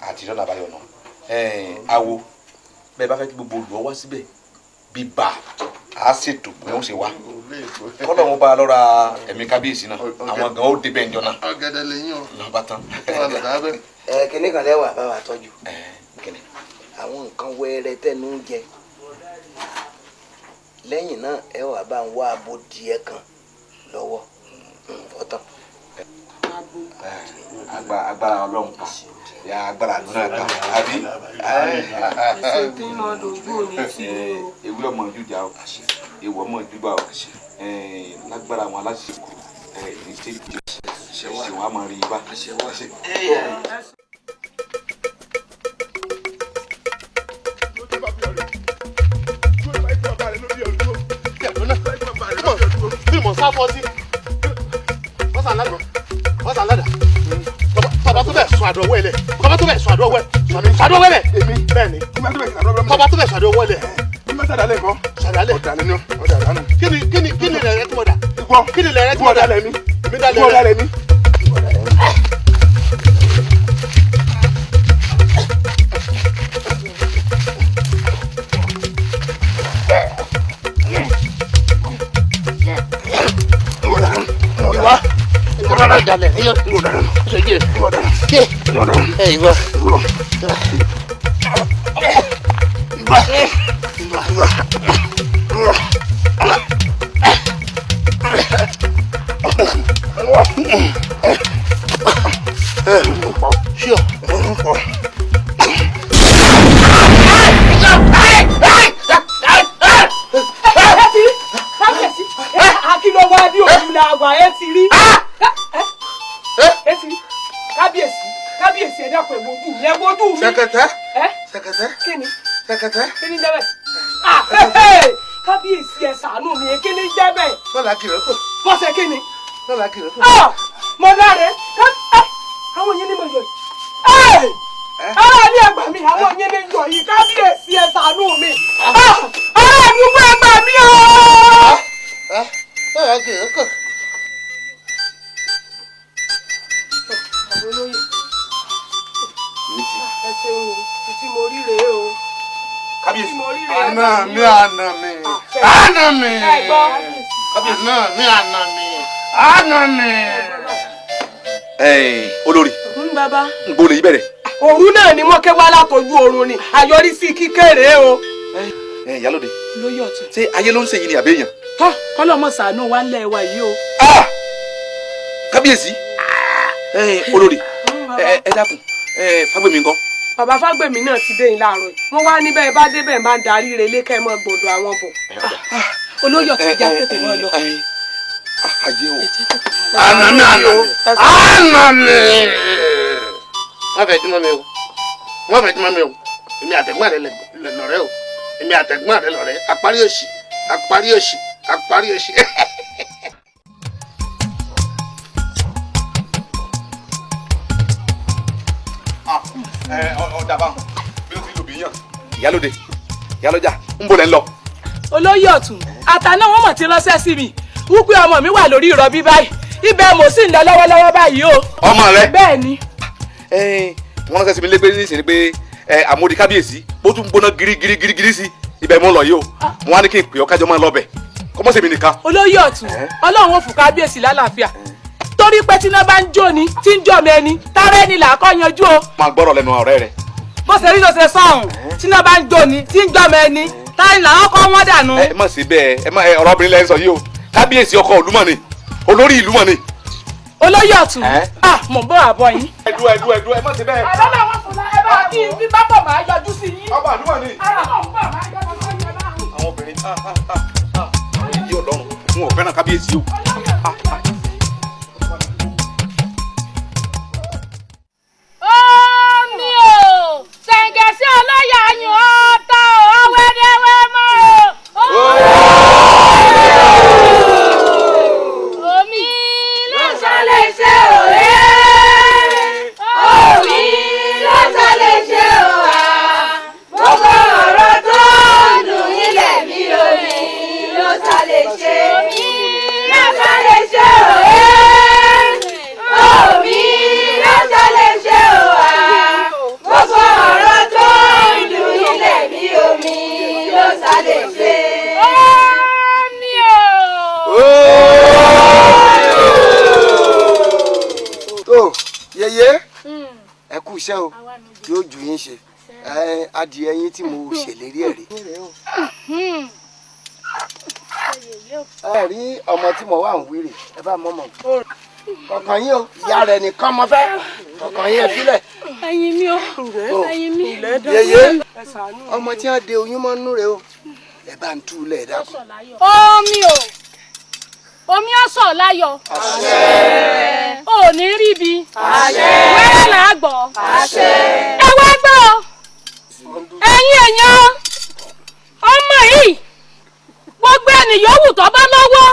àti ìrọ̀nà àbáyọ náà awo bẹ́ẹ̀ bá fẹ́ kí gbogbo olùwọ́ wá síbẹ̀ bíbà á ṣètò bí wọ́n ṣe wá kọ́lọ̀ wọn bá lọ́ra ẹ̀mí kábíyèsí náà àwọn gan ó débẹ̀ ń jọna. ọ̀gẹ̀dẹ̀ lẹ́yìn o. náà bá tán. ẹ kíní kan lẹ́wà bá wa tọ́jú àwọn nǹkan wẹ́rẹ́ tẹ́nu ń jẹ lẹ́yìn náà ẹ wà bá ń wá abo díẹ̀ kan lọ́wọ́ ọ̀tàn. agbára ọlọ́run pa ìyá agbára nínú àgbà àbí. ewé ọmọ jújà o ewé ọmọ júbà o eh, lágbára àwọn aláṣẹkù eh, ní tẹ́lifíṣẹ́ ṣẹ̀wọ̀n a máa rí i bá. Eh, bí mo sá tọba tó bẹ sọ àdọwọ ẹlẹ tọba tó bẹ sọ àdọwọ ẹlẹ sàdọwọ ẹlẹ èmi bẹ́ẹ̀ ni tọba tó bẹ sọ àdọwọ ẹlẹ sàdálẹ kọ sàdálẹ ọdàlẹ ni ọdàlẹ ni. kíni kíni kíni lẹrẹ tí mo dà. ìwọ kíni lẹrẹ tí mo dà. ìwọ dalẹ mi. èmi dalẹ mi. ìwọ dalẹ mi. no, dale, yo, no, no, oye, ¿qué? No, no, ey, va, va, va, va, va, va, kẹ̀kẹ́. kí ni jẹ́bẹ̀. kábíyèsí ẹ ṣàánú mi kí ni jẹ́bẹ̀. lọ́la kìrẹ́ kò. bọ́sẹ̀ kí ni. lọ́la kìrẹ́ kò. mọ láre àwọn yẹn ni mo yọ yìí. ara ní ẹgbà mi àwọn yẹn ni yọ yìí kábíyèsí ẹ ṣàánú mi. ara mi wọ ẹgbà mi o. lọ́la kìrẹ́ kò. ẹ ṣeun tí mo rí rèé o kábíyèsí. àná mi àná mi àná mi àná mi ah, àná mi àná mi. olórí. n bàbá. n bolo yìí bẹ̀rẹ̀. òru náà ni mọ́kẹ́ wá látọjú oorun ni àyọrísí kíkéré o. ẹ ìyálóde. lóyè ọ̀tún. ṣé ayé ló ń ṣèyí ni àbẹ́yàn. tọ́ kọ́lọ́mọ sàánú wa ń lẹ̀ wá yìí o. Ah! kábíyèsí olórí ẹ dákun fagbemi nǹkan bàbá fágbèmí náà ti dé yín láàárọ̀ yìí wọ́n wá níbẹ̀ bá débẹ̀ máa darí relé kẹ́ ẹ mọ́ gbọ̀dọ̀ àwọn bọ̀. Ah, ah, olóyè ọ̀tí ìjà tètè mọ́ lọ. àjẹ o ànàmì ànàmì ànàmì. wọ́n fẹ́ dúnmọ́ mi o wọ́n fẹ́ dúnmọ́ mi o èmi àtẹ̀gbọ́n rẹ lọ̀rẹ́ o èmi àtẹ̀gbọ́n rẹ lọ̀rẹ́ apárí òṣì apárí òṣì apárí òṣì. ọ̀dà bá bí ó ń lọ. olóyè ọ̀tún àtàná wọn mọ̀ ti ránṣẹ́ sí mi wípé ọmọ mi wà lórí ìrọbí báyìí ibẹ̀ mo sì ń lọ lọ́wọ́lọ́wọ́ báyìí o. ọmọ rẹ bẹ́ẹ̀ ni. wọ́n ránṣẹ́ sí mi lẹ́gbẹ́ nísìnyí pé àmódi kábíyèsí bó tún gbóná girigirigiri sí ibẹ̀ mo lọ yìí o ah. wọ́n á ní kí n pè ọ́ kájọ máa lọ bẹ̀ kọ́mọ́sẹ̀ nìkan. olóyè ọ̀tún ọlọ́run ò fún kábíyèsí lálàáfíà torí pé tí iná bá ń jó ni tí ń jọ mi ẹni tára ẹni là á kọ́ yanjú o. máa gbọ́rọ̀ lẹ́nu ọ̀rẹ́ rẹ. bó ṣe rí ló ṣe sọ̀hún tí iná bá ń jó ni tí ń jọ mi ẹni tára ẹni là á kọ́ wọ́n dànù. ẹ má ṣe bẹ́ẹ̀ ẹ má ọ̀rọ̀ obìnrin lẹ́yìn sọ yìí o kábíyèsí ọkọ ìlú mọ̀ ni olórí ìlú mọ̀ ni. olóyè ọ̀tún à mọ̀ bọ́ àbọ̀ yín. ẹ̀dú ẹ̀dú ẹ̀dú ẹ má ṣe bẹ́ẹ̀. ọlọ́lá mo mọ̀ kọ̀ọ̀kan yín o ìyá rẹ̀ nìkan mo fẹ́ kọ̀ọ̀kan yín ẹ sílẹ̀. ẹyin mi o ẹyin mi. yeye ọmọ tí wọn de oyún mọ́ nú rẹ o ẹ bá ń tú lẹ̀ dákun. omi o omi ọ̀sọ̀ láyọ̀. àṣẹ. ríbi. àṣẹ. wẹ́rẹ́ ẹ wá gbọ́ ẹ̀yin èèyàn ọmọ yìí gbogbo ẹnìyàn wù tó bá lọ́wọ́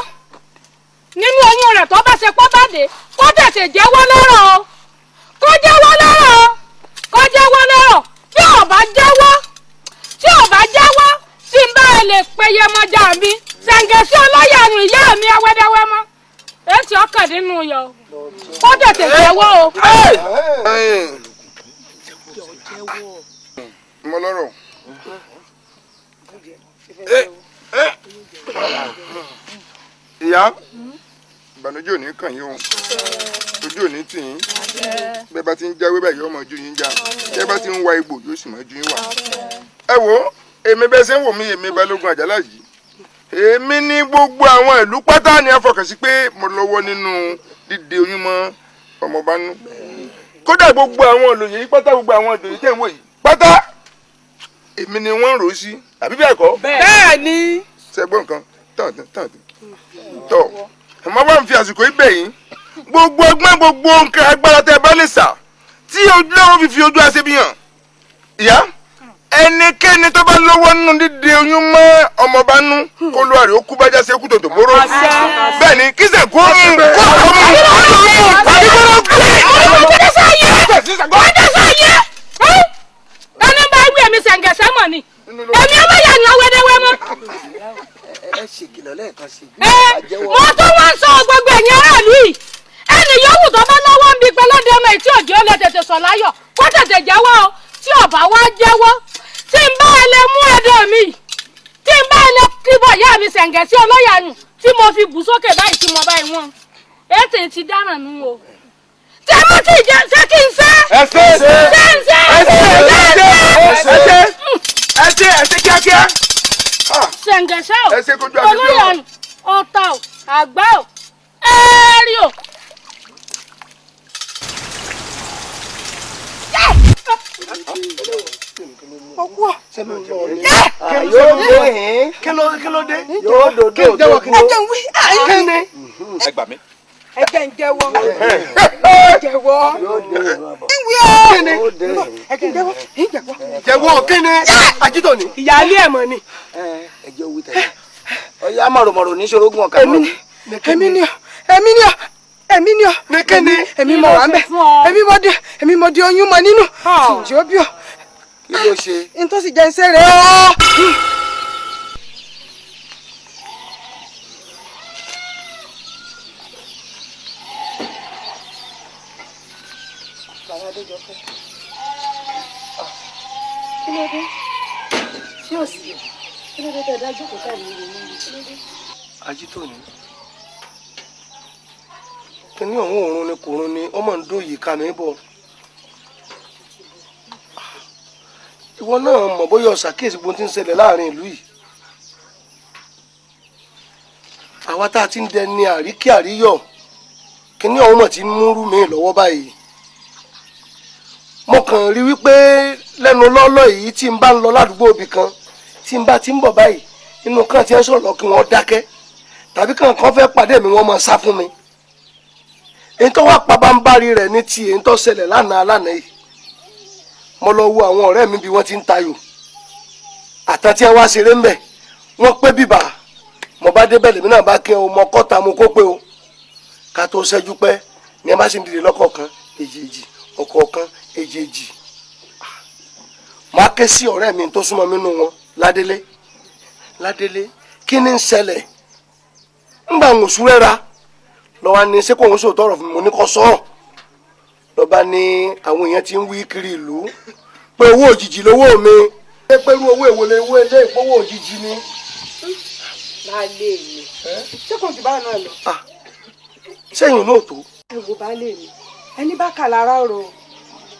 nínú oyún rẹ̀ tó bá ṣe pọ́ bàdé kó tètè jẹ́wọ́ lọ́rọ̀ o kó jẹ́wọ́ lọ́rọ̀ o kó jẹ́wọ́ lọ́rọ̀ tí ò jẹ́wọ́ tí ò jẹ́wọ́ tí n bá lè péye mọ́jà mi ṣàǹgẹ̀sí ọlọ́yà àrùn ìyá mi awẹ́dẹ́wẹ́ mọ́ èsì ọkàn nínú yọ kó tètè jẹ́wọ́ o. mo lọ́rọ̀ ìyá ìbànújẹ́ òní kàn yín o ojú òní tì yín bẹ́ẹ̀ bá ti ń jáwé báyìí ọmọ ojú yín já bẹ́ẹ̀ bá ti ń wa egbò yóò sì mọ ojú yín wà. ẹ wo èmi bẹ́ẹ̀ sẹ́ ń wò mí èmi balógun àjálà yìí èmi ní gbogbo àwọn ìlú pátá ni a fọkàn sí pé mo lọ́wọ́ nínú dídè oyún mọ́ ọmọọba kódà gbogbo àwọn olóyè yìí pátá gbogbo àwọn olóyè tẹ̀ ń wò yìí pátá èmi ni wọ́n rò ó sí àbí bẹ́ẹ̀ kọ́. bẹ́ẹ̀ ni. sẹ́gbọ́n kan tán tán tán tán mo bá ń fi àsìkò ibẹ̀ yìí gbogbo ọgbọ́n gbogbo nǹkan agbára tẹ bá lè sà tí ojúlọ́wọ́ fi fi ojú àṣebíyàn ìyá ẹnikẹ́ni tó bá lọ́wọ́ nínú dídé oyún mọ́ ọmọba nú kó ló àrè ó kú bá jáse kú tòtò móró bẹ́ẹ̀ ni kí sẹ́kù ó mú kó àwọn ọmọ ìlú ọ̀hún àti kó ló gbé. ọ̀dọ̀ sáyé ọ̀dọ̀ sáyé bẹ́ẹ̀ ni bá gbé mi sẹ̀ǹgẹ̀sẹ̀ mọ̀ ni èmi ọmọ yà ni ọwẹ́dẹ́wẹ́ mọ́ ẹ ṣe wá ń sọ gbogbo ẹ̀yin aráàlú yìí ẹnì yòówù tó bá lọ́wọ́ ń bi pẹlẹ́dẹ ọmọ ìtí òjò lè tètè sọ láyọ̀ kó tètè jẹ́wọ́ o tí ọ̀bà wá jẹ́wọ́ tí n bá ẹ lè mú ẹdọ mi tí n bá ẹ lè kíbọ̀ ìyá mi sẹ̀ǹgẹ̀ sí olóyàánù tí mo fi bù sókè báyìí tí mo báyìí wọ́n ètè ti dáràn nù o tí ti jẹ ṣé kí n ṣe. ẹ ṣe ẹ ṣe ẹ ṣe ẹ ṣe ẹ ṣe ẹ ṣe kíákíá ṣẹ̀ǹgẹ̀ṣẹ̀ o olóyànù ọ̀tà o àgbá o ẹ̀ẹ́rì o. ọkọ yóò dé kí ló dé yóò dòdò dòdò ẹ jẹun wí. ẹ gbà mí ẹjẹ ń jẹ́wọ́ jẹ́wọ́ ìwé ọ kíni ẹjẹ ń jẹ́wọ́ ìjẹ́wọ́ jẹ́wọ́ kíni àjítọ ni. ìyáálé ẹ̀ mọ̀ ni. ẹjẹ owó tẹ̀lé ọyá mọ̀rọ̀mọ̀rọ̀ níṣòro gun ọ̀kan mọ̀ ni. èmi ni ọ èmi ni ọ èmi ni ọ nìkíni èmi mọ wà ń bẹ èmi mọ di èmi mọ di oyún mọ nínú tìjọ bí ọ. kí ló ṣe. n tó sì jẹ́ ń sẹ́rẹ̀ ọ́. ló tẹ dájú kò tẹ̀lé ìwé níbi kí ló dé. ajitoni kíní ọ̀hún òrun ni kòrun ni ọmọ ń dún yìí ká mi bọ̀ ìwọ náà mọ̀ bóyá o ṣàkíyèsí gbogbo tí ń ṣẹlẹ̀ láàrin ìlú yìí àwa tá a ti ń dẹni àríkí àríyọ̀ kíní ọ̀hún mọ̀ ti ń múrú mi lọ́wọ́ báyìí mo kàn rí wípé lẹ́nu lọ́lọ́ yìí tí n bá ń lọ ládùúgbò ibì kan tí n bá ti ń bọ̀ báyìí inú kan ti ń sọ̀rọ̀ kí wọ́n dákẹ́ tàbí kankan fẹ́ pàdé mi wọ́n sá fún mi èyí tó wá pabambari rẹ̀ ní ti èyí tó ṣẹlẹ̀ lánàá lánàá yìí mo lọ wo àwọn ọ̀rẹ́ mi bí ti ń tayò àtàtí ẹ wá ṣeré wọ́n pé bìbà mo bá débẹ̀ mọ kọ́ta kó pé o ká tó ṣẹ́jú pẹ́ ni ẹ bá ń dìde lọ́kọ̀ọ̀kan èjèèjì ọ̀kọ̀ọ̀kan èjèèjì máa ké sí ọ̀rẹ́ ládélé ládélé kí ni ń ṣẹlẹ̀ ńgbà ń sùrẹ́ra lọ́wọ́ ni ṣé kò ń sòótọ́ ọ̀rọ̀ fún mi mo ní kọ́ sọ́ọ̀ lọ́ba ni àwọn èèyàn ti ń wí kiri ìlú pé owó òjijì lówó mi pé pẹ̀lú owó èwòlé owó ilé ìpowó òjijì ni. baálé mi ṣé kò jù bá náà lọ. sẹ́yìn náà tó. ẹ wo baálé mi ẹni bá kà lára ọ̀rọ̀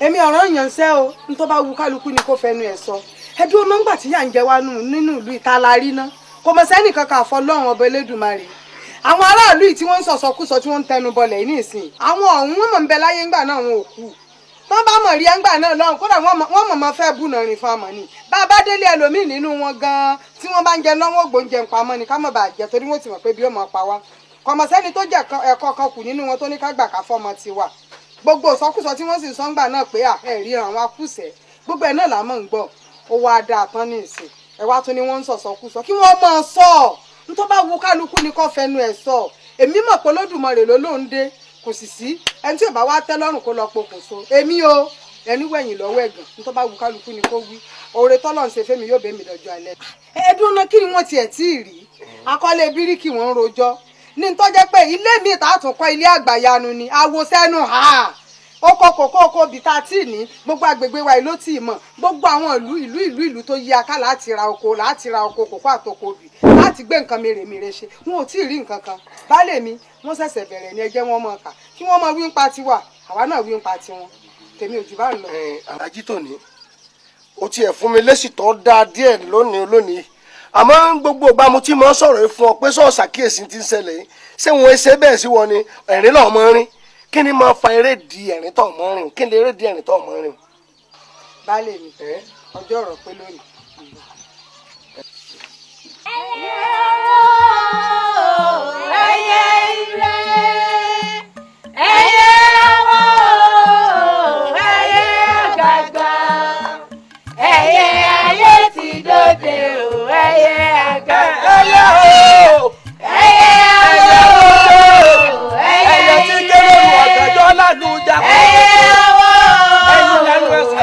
èmi ọ̀rọ̀ yàn o ní tó bá wu kálukú ni kò fẹnu ẹ̀ sọ ẹ dúró náà ńgbà tí yà ń jẹ wá nínú ìlú ìta la rí ná kò mọ̀ sẹ́nìkan kà fọ́ lọ́rùn ọba elédùnmarè àwọn aráàlú yìí tí wọ́n ń sọ̀sọkúsọ tí wọ́n ń tẹnu bọlẹ̀ yìí nìsín àwọn ọ̀hún wọn mọ̀ ń bẹ láyé ńgbà náà wọn ò kú tọ́ bá mọ̀ rí ẹ̀ńgbà náà lọ́rùn kódà wọ́n mọ̀ mọ́ fẹ́ bùnà rìn fún amọ̀ ni bá a bá délé ẹlòmíì nínú wọn gan-an tí wọ́n bá ń jẹ lọ́wọ́ ògbóúnjẹ pamọ́ ni ká mọ̀ bá jẹ torí wọ́n ti mọ̀ pé bí ó mọ̀ pa wá kọ̀mọ̀sẹ́ni tó jẹ́ ẹ̀kọ́ kan kù nínú wọn tó ní ká ká fọ́mọ ti wà gbogbo ìsọkúsọ tí wọ́n sì sọ ńgbà náà pé à ẹ̀rí àwọn akúṣẹ̀ gbogbo ẹ̀ náà là mọ̀ ń gbọ́ ó wá dáa tán ní ìsìn ẹ wá tún ní wọ́n ń sọ̀sọ̀kú sọ kí wọ́n máa sọ ọ́ nítorí bá wo kálukú ni kò fẹnu ẹ̀ sọ èmi mọ̀ pé Olódùmarè ló lóun dé kò sì sí ẹni tí ò bá wá tẹ́ lọ́rùn kó lọ pokùnso èmi o ẹni wẹ̀yìn lọ́wọ́ ẹ̀gàn nítorí bá wo kálukú ni kó wí oore tọ́lọ̀ ń ṣe fẹ́mi yóò bẹ́ẹ̀ mi dọ̀jọ́ ah, ẹdun náà kí ni wọ́n tiẹ̀ tí ì rí akọ́lé bíríkì wọ́n ń rojọ́ ní tọ́jẹ́ pé ilé mi ìtàtúnkọ́ ilé àgbàyanu ni àwòsẹ́nu ha oko kòkó oko bì tá a ti ní gbogbo agbègbè wa ìlú tí ì mọ̀ gbogbo àwọn ìlú ìlú ìlú ìlú tó yí aká láti ra oko láti ra oko kòkó àtoko bì láti gbé nǹkan mèremère ṣe wọn ò tí ì rí nǹkan kan baálé mi wọ́n ṣẹ̀ṣẹ̀ bẹ̀rẹ̀ ní ẹjẹ́ wọn mọ̀ ká kí wọ́n mọ wí ń pa tiwa àwa náà wí ń pa tiwọn tèmi ò jù bá ń lọ. ẹ alájí tòní o tiẹ̀ fún mi lésì tó dáa díẹ̀ lónìí lónìí àmọ́ gbogbo ìgbà mo ti mọ sọ̀rọ̀ fún ọ pé sọ̀ọ́sà kíyèsí ti ń ṣẹlẹ̀ ṣé wọn ṣe bẹ́ẹ̀ sí wọn ni ẹ̀rín lọ́ọ́ mọ́ rín kí ni máa fa eré di ẹ̀rín tó mọ́ rìn kí ni eré di ẹ̀rín tó mọ́ rìn. baálé mi ọjọ́ ọ̀rọ̀ pé lónìí. ẹyẹ ayé ti dóde o ẹyẹ àgbààgbà. dàpọ̀. ẹyẹ ọwọ́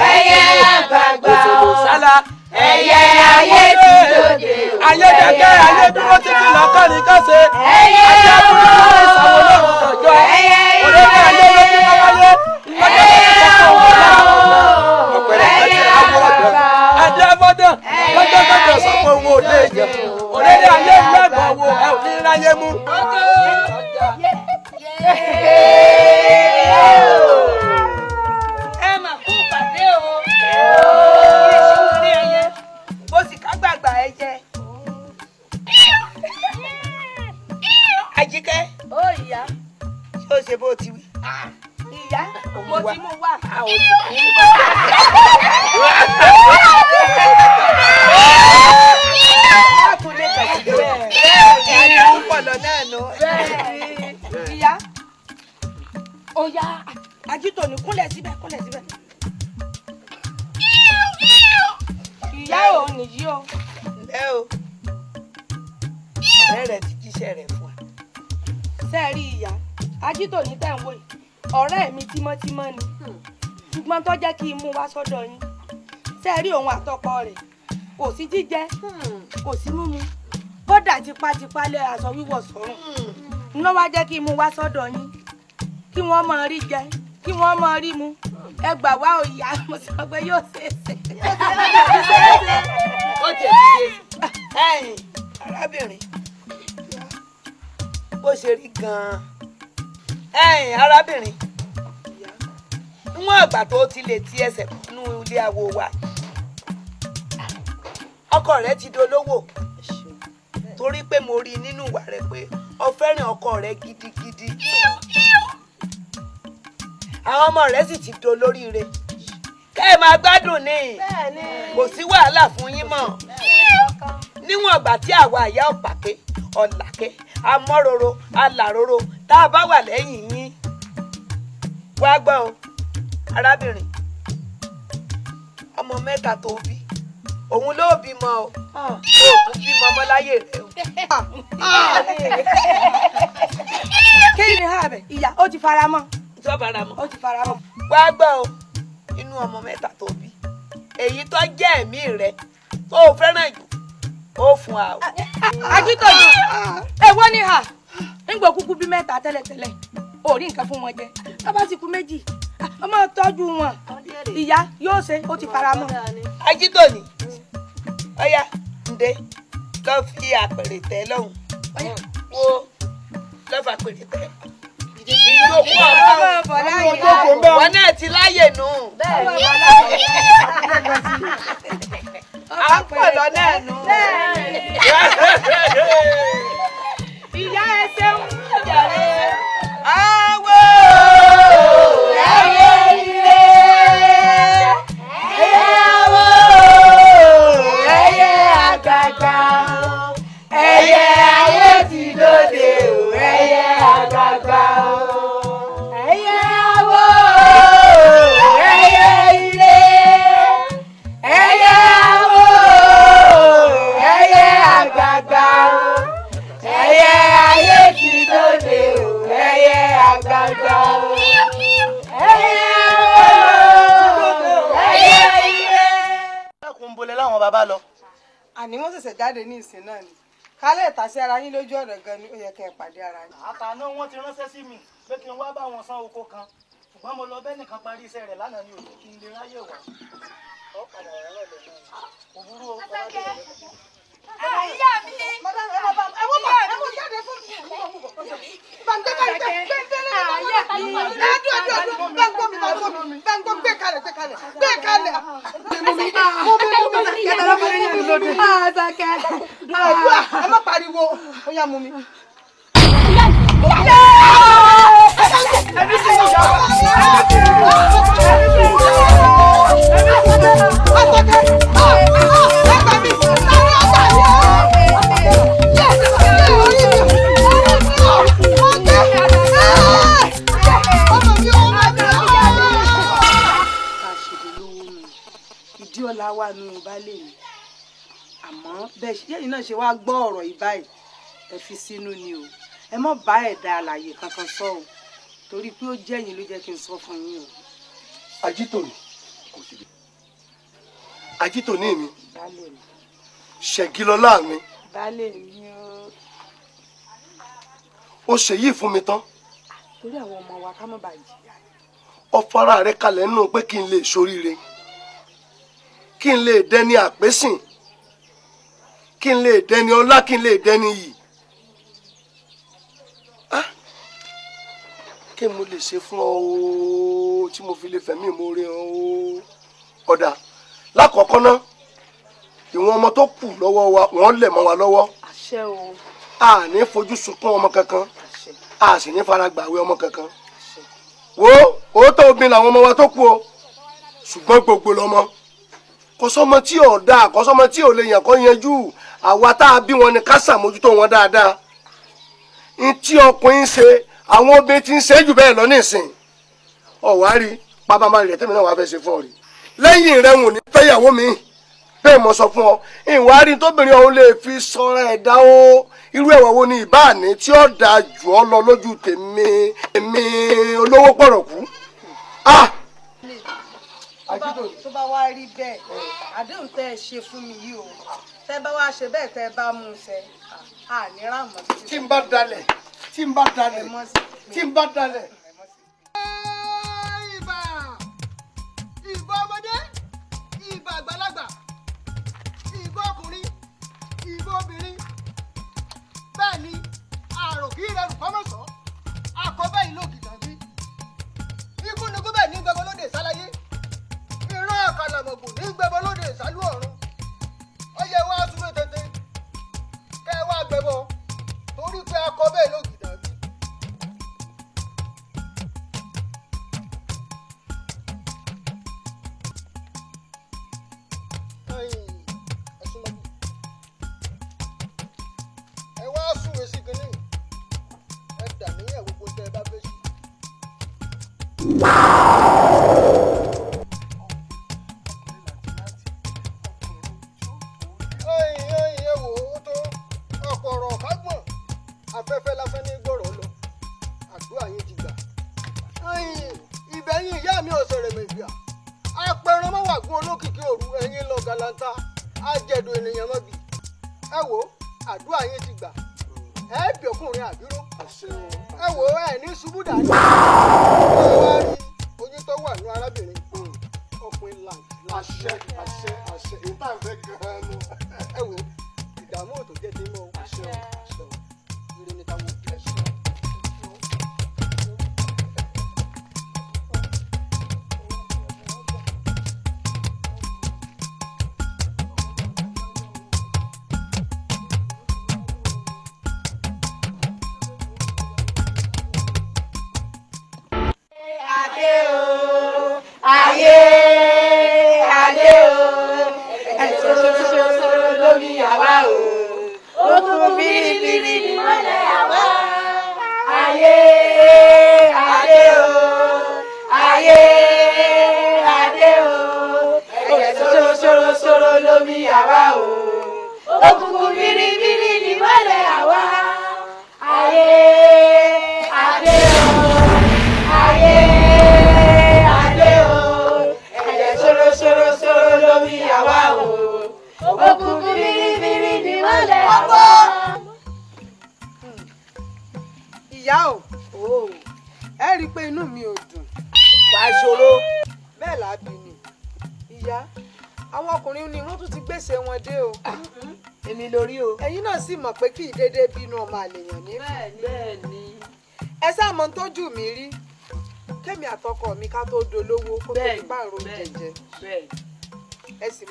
ẹyẹ àgbààgbà ẹyẹ ayé ti dòde. ayé kẹ̀kẹ́ ayé dúró títí lọ́kọ́rin kọ́sẹ̀. ẹyẹ ọwọ́ ẹyẹ ìwé ẹyẹ ọwọ́ ẹyẹ àgbààgbà. adé abọ́dọ̀ lọ́jọ́ gbọ́dọ̀ sọ́kọ̀ owó òde ìjẹ́ òrèlè ayé ìlú ẹ̀gbọ́n wo ẹ̀ ò ní ráyé mú. Yeah. Àjíkẹ́. ó ìyá. ṣé o ṣe bó ti wí. Ah. ìyá mo ti mú wá. Ah, ìyá ó yá àjítò ìyá ò nìyí o. ǹlẹ́ o ọ̀rẹ́ ti jíṣẹ́ rẹ̀ fún sẹ́ẹ̀rí ìyá ajítòní tẹ̀ ń wò ọ̀rẹ́ mi tímọ́tímọ́ ni ṣùgbọ́n tó jẹ́ kí n mú wá sọ́dọ̀ yín sẹ́ẹ̀rí òun àtọkọ rẹ̀ kò sí jíjẹ kò sí mímu bọ́dà tipátipá lé aṣọ wíwọ̀ sọ́rùn iná wá jẹ́ kí n mú wá sọ́dọ̀ yín kí wọ́n máa rí jẹ kí wọ́n máa rí mu ẹ gbà wá òyà mo sọ pé yóò ṣe é ṣe. ó ti ṣe arábìnrin bó ṣe rí gan-an ẹ̀yin arábìnrin níwọ̀n àgbà tó ti lè ti ẹsẹ̀ nínú ilé awo wa ọkọ rẹ ti dolówó torí pé mo rí i nínú ìwà rẹ pé o fẹ́ràn ọkọ rẹ gidigidi àwọn ọmọ rẹ sì ti dolóríire kẹ́ ẹ máa gbádùn ni kò sí wàhálà fún yín mọ́ níwọ̀n ìgbà tí àwa àyà ọ̀pàké ọ̀làké amọ́roro alàroro tá a bá wà lẹ́yìn yín wá gbọ́ o arábìnrin ọmọ mẹ́ta tó bí òun ló bímọ o ó tún bímọ ọmọ láyé rẹ o. kí ni ha bẹ ìyá ó ti fara mọ́. tó fara mọ́. ó ti fara mọ́. wá gbọ́ o inú ọmọ mẹ́ta tó bí èyí tó jẹ́ ẹ̀mí rẹ tó o fẹ́ràn jù ó fún a. ajítọ́jú èwo ni hà ńgbò kúkú bí mẹ́ta tẹ́lẹ̀tẹ́lẹ̀ ò rí nǹkan fún wọn jẹ bàbá ti kú méjì ó máa tọ́jú wọn ìyá yóò ṣe ó ti fara mọ́. ajítọ́ni ọ̀ya ǹdẹ́ lọ fi àpèrè tẹ́ lọ́hùn wo lọ́fà pèrè tẹ́ ìjókòó ọmọ wọn náà ti láyè nù. bẹ́ẹ̀ ni wọn náà ti láyè nù à ìyá ẹ ṣeun. jáde ní ìsìn náà ni kálẹ̀ ìtàsí ara yín lójú ọ̀rọ̀ gan ni ó yẹ kẹ́ ẹ pàdé ara yín. àtàná wọn ti ránṣẹ́ sí mi pé kí n wá bá wọn san oko kan ṣùgbọ́n mo lọ bẹ́ẹ̀ nìkan parí iṣẹ́ rẹ̀ lánàá ni òjò kí n lè ráyè wá. ó padà rẹ̀ rẹ̀ lọ́dọ̀ náà kò burú o ìyá mi ẹwọ bọ ẹwọ jáde fún mi bàǹgbẹ kalẹ̀ tẹ gbẹgbẹlẹ ẹdùn ẹdùn ẹdùn bàǹgbọ mi bàǹgbọ mi bàǹgbọ gbẹ kalẹ̀ gbẹ kalẹ̀ gbẹ kalẹ̀. mo mi mo mi mo mi kẹtẹ lọ fọlẹ yẹn lóde. àtàkẹ àdúrà ẹ má pariwo ó yá mú mi. ẹbí tí mo yà wá. wà nínú baálé mi àmọ́ bẹ́ẹ̀ ṣe yẹ́yìn náà ṣe wá gbọ́ ọ̀rọ̀ yìí báyìí ẹ fi sínú ni o ẹ mọ̀ bá ẹ̀dá àlàyé kankan sọ o torí pé ó jẹ́ yín ló jẹ́ kí n sọ fún yín o. ajítòní kò síbi ajítòní mi ṣẹ̀gilọ́lá mi ó ṣe yìí fún mi tán. torí fara rẹ̀ kalẹ̀ nínú pé kí n lè ṣoríire kí n lè dẹni àpésìn kí n lè dẹni ọlá kí n lè dẹni yìí ah kí mo lè ṣe fún ọ ooo tí mo fi lè fẹ̀mí ìmoore ọ ooo ọ̀dà lákọ̀ọ́kọ́ náà ìwọ̀n ọmọ tó kù lọ́wọ́ wa wọ́n lẹ̀ mọ́ wa lọ́wọ́ o a ní fojú sunkún ọmọ kankan àṣẹ a sì ní fara gbàwé ọmọ kankan wo òótọ́ obìnrin làwọn ọmọ wa tó kù o ṣùgbọ́n gbogbo lọ́mọ kò sọmọ tí ò dáa kò sọmọ tí ò lè yàn kó yanjú àwa tá a bí wọn ni ká ṣàmójútó wọn dáadáa n tí ọkùnrin ṣe àwọn obìnrin ti ń ṣe jù bẹ́ẹ̀ lọ nísìn ọ̀wárí pàbàmà rẹ̀ tẹ́mi náà wàá fẹ́ ṣe fọ́ rí lẹ́yìn rẹ̀ wò ní fẹ́yàwó mi bẹ́ẹ̀ mo sọ fún ọ ìwárí tóbìnrin ọ̀hún lè fi sọ̀rọ̀ ẹ̀dá o irú ẹ̀wọ̀ wo ni ìbáàní tí ó dáa jù ọ lọ lójú tèmi tèmi olówó pọ̀rọ̀ ah tó bá wá rí bẹ́ẹ̀ àdéhùn tẹ́ ẹ ṣe fún mi yìí o tẹ́ bá wá ṣe bẹ́ẹ̀ tẹ́ bá mú un ṣe à ní ráàmọ́. tí n bá dalẹ̀ tí n bá dalẹ̀ tí n bá dalẹ̀. ìbà ìbà ọmọdé ìbà àgbàlagbà ìbà ọkùnrin ìbà obìnrin bẹ́ẹ̀ ni àròkì rẹ̀ rùpámọ́sọ̀ àkọ́bẹ̀ ìlòkì. àkàlàmọ̀gbò ní gbẹbọ lóde ìsálú ọ̀run ó yẹ wá súnmọ́ tètè kẹ́ ẹ wá gbẹbọ torí pé akọ bẹ́ẹ̀ lókè.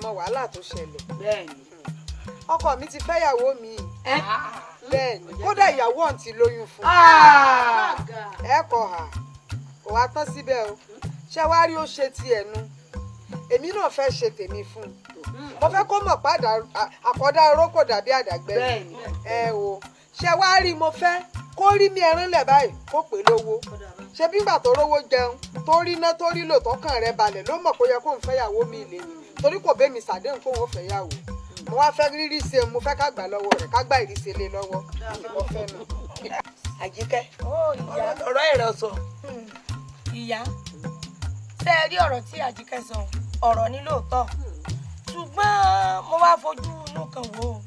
mọ wàhálà tó ṣẹlẹ̀. bẹ́ẹ̀ni. ọkọ mi ti fẹ́yàwó mi. ẹ bẹ́ẹ̀ni kódà ìyàwó ọ̀hún ti lóyún fún un. Ah! ẹ kọ hà kò wá tán síbẹ̀ o ṣé wàá rí ó ṣe tiẹ̀ nu èmi náà fẹ́ ṣe tèmi fún un mo fẹ́ kó mọ̀ padà àkọ́dá orókò dàbí àdàgbẹ́ ẹ o ṣé wàá rí mo fẹ́ kó rí mi ẹran lẹ̀ báyìí kó pè lówó ṣe bí gbà tó rówó jẹun tó rí ná tó rí lò tọkàn rẹ̀ balẹ̀ ló mọ̀ kó yẹ kó n fẹ́yàwó mi lè ní torí kò bẹ́mi sàdéhùn kó wọn fẹ́ yàwó mo wá fẹ́ rírí ṣe mo fẹ́ ká gbà lọ́wọ́ rẹ̀ ká gbà ìrísí lé lọ́wọ́ mo fẹ́ nu. àjíkẹ́ ọ̀rọ̀ ẹ̀rọ sọ. Hmm. ìyá ṣé ẹ rí ọ̀rọ̀ tí àjíkẹ́ sọ ọ̀rọ̀ ni lóòótọ́ ṣùgbọ́n mo wá fojú inú kan wò ó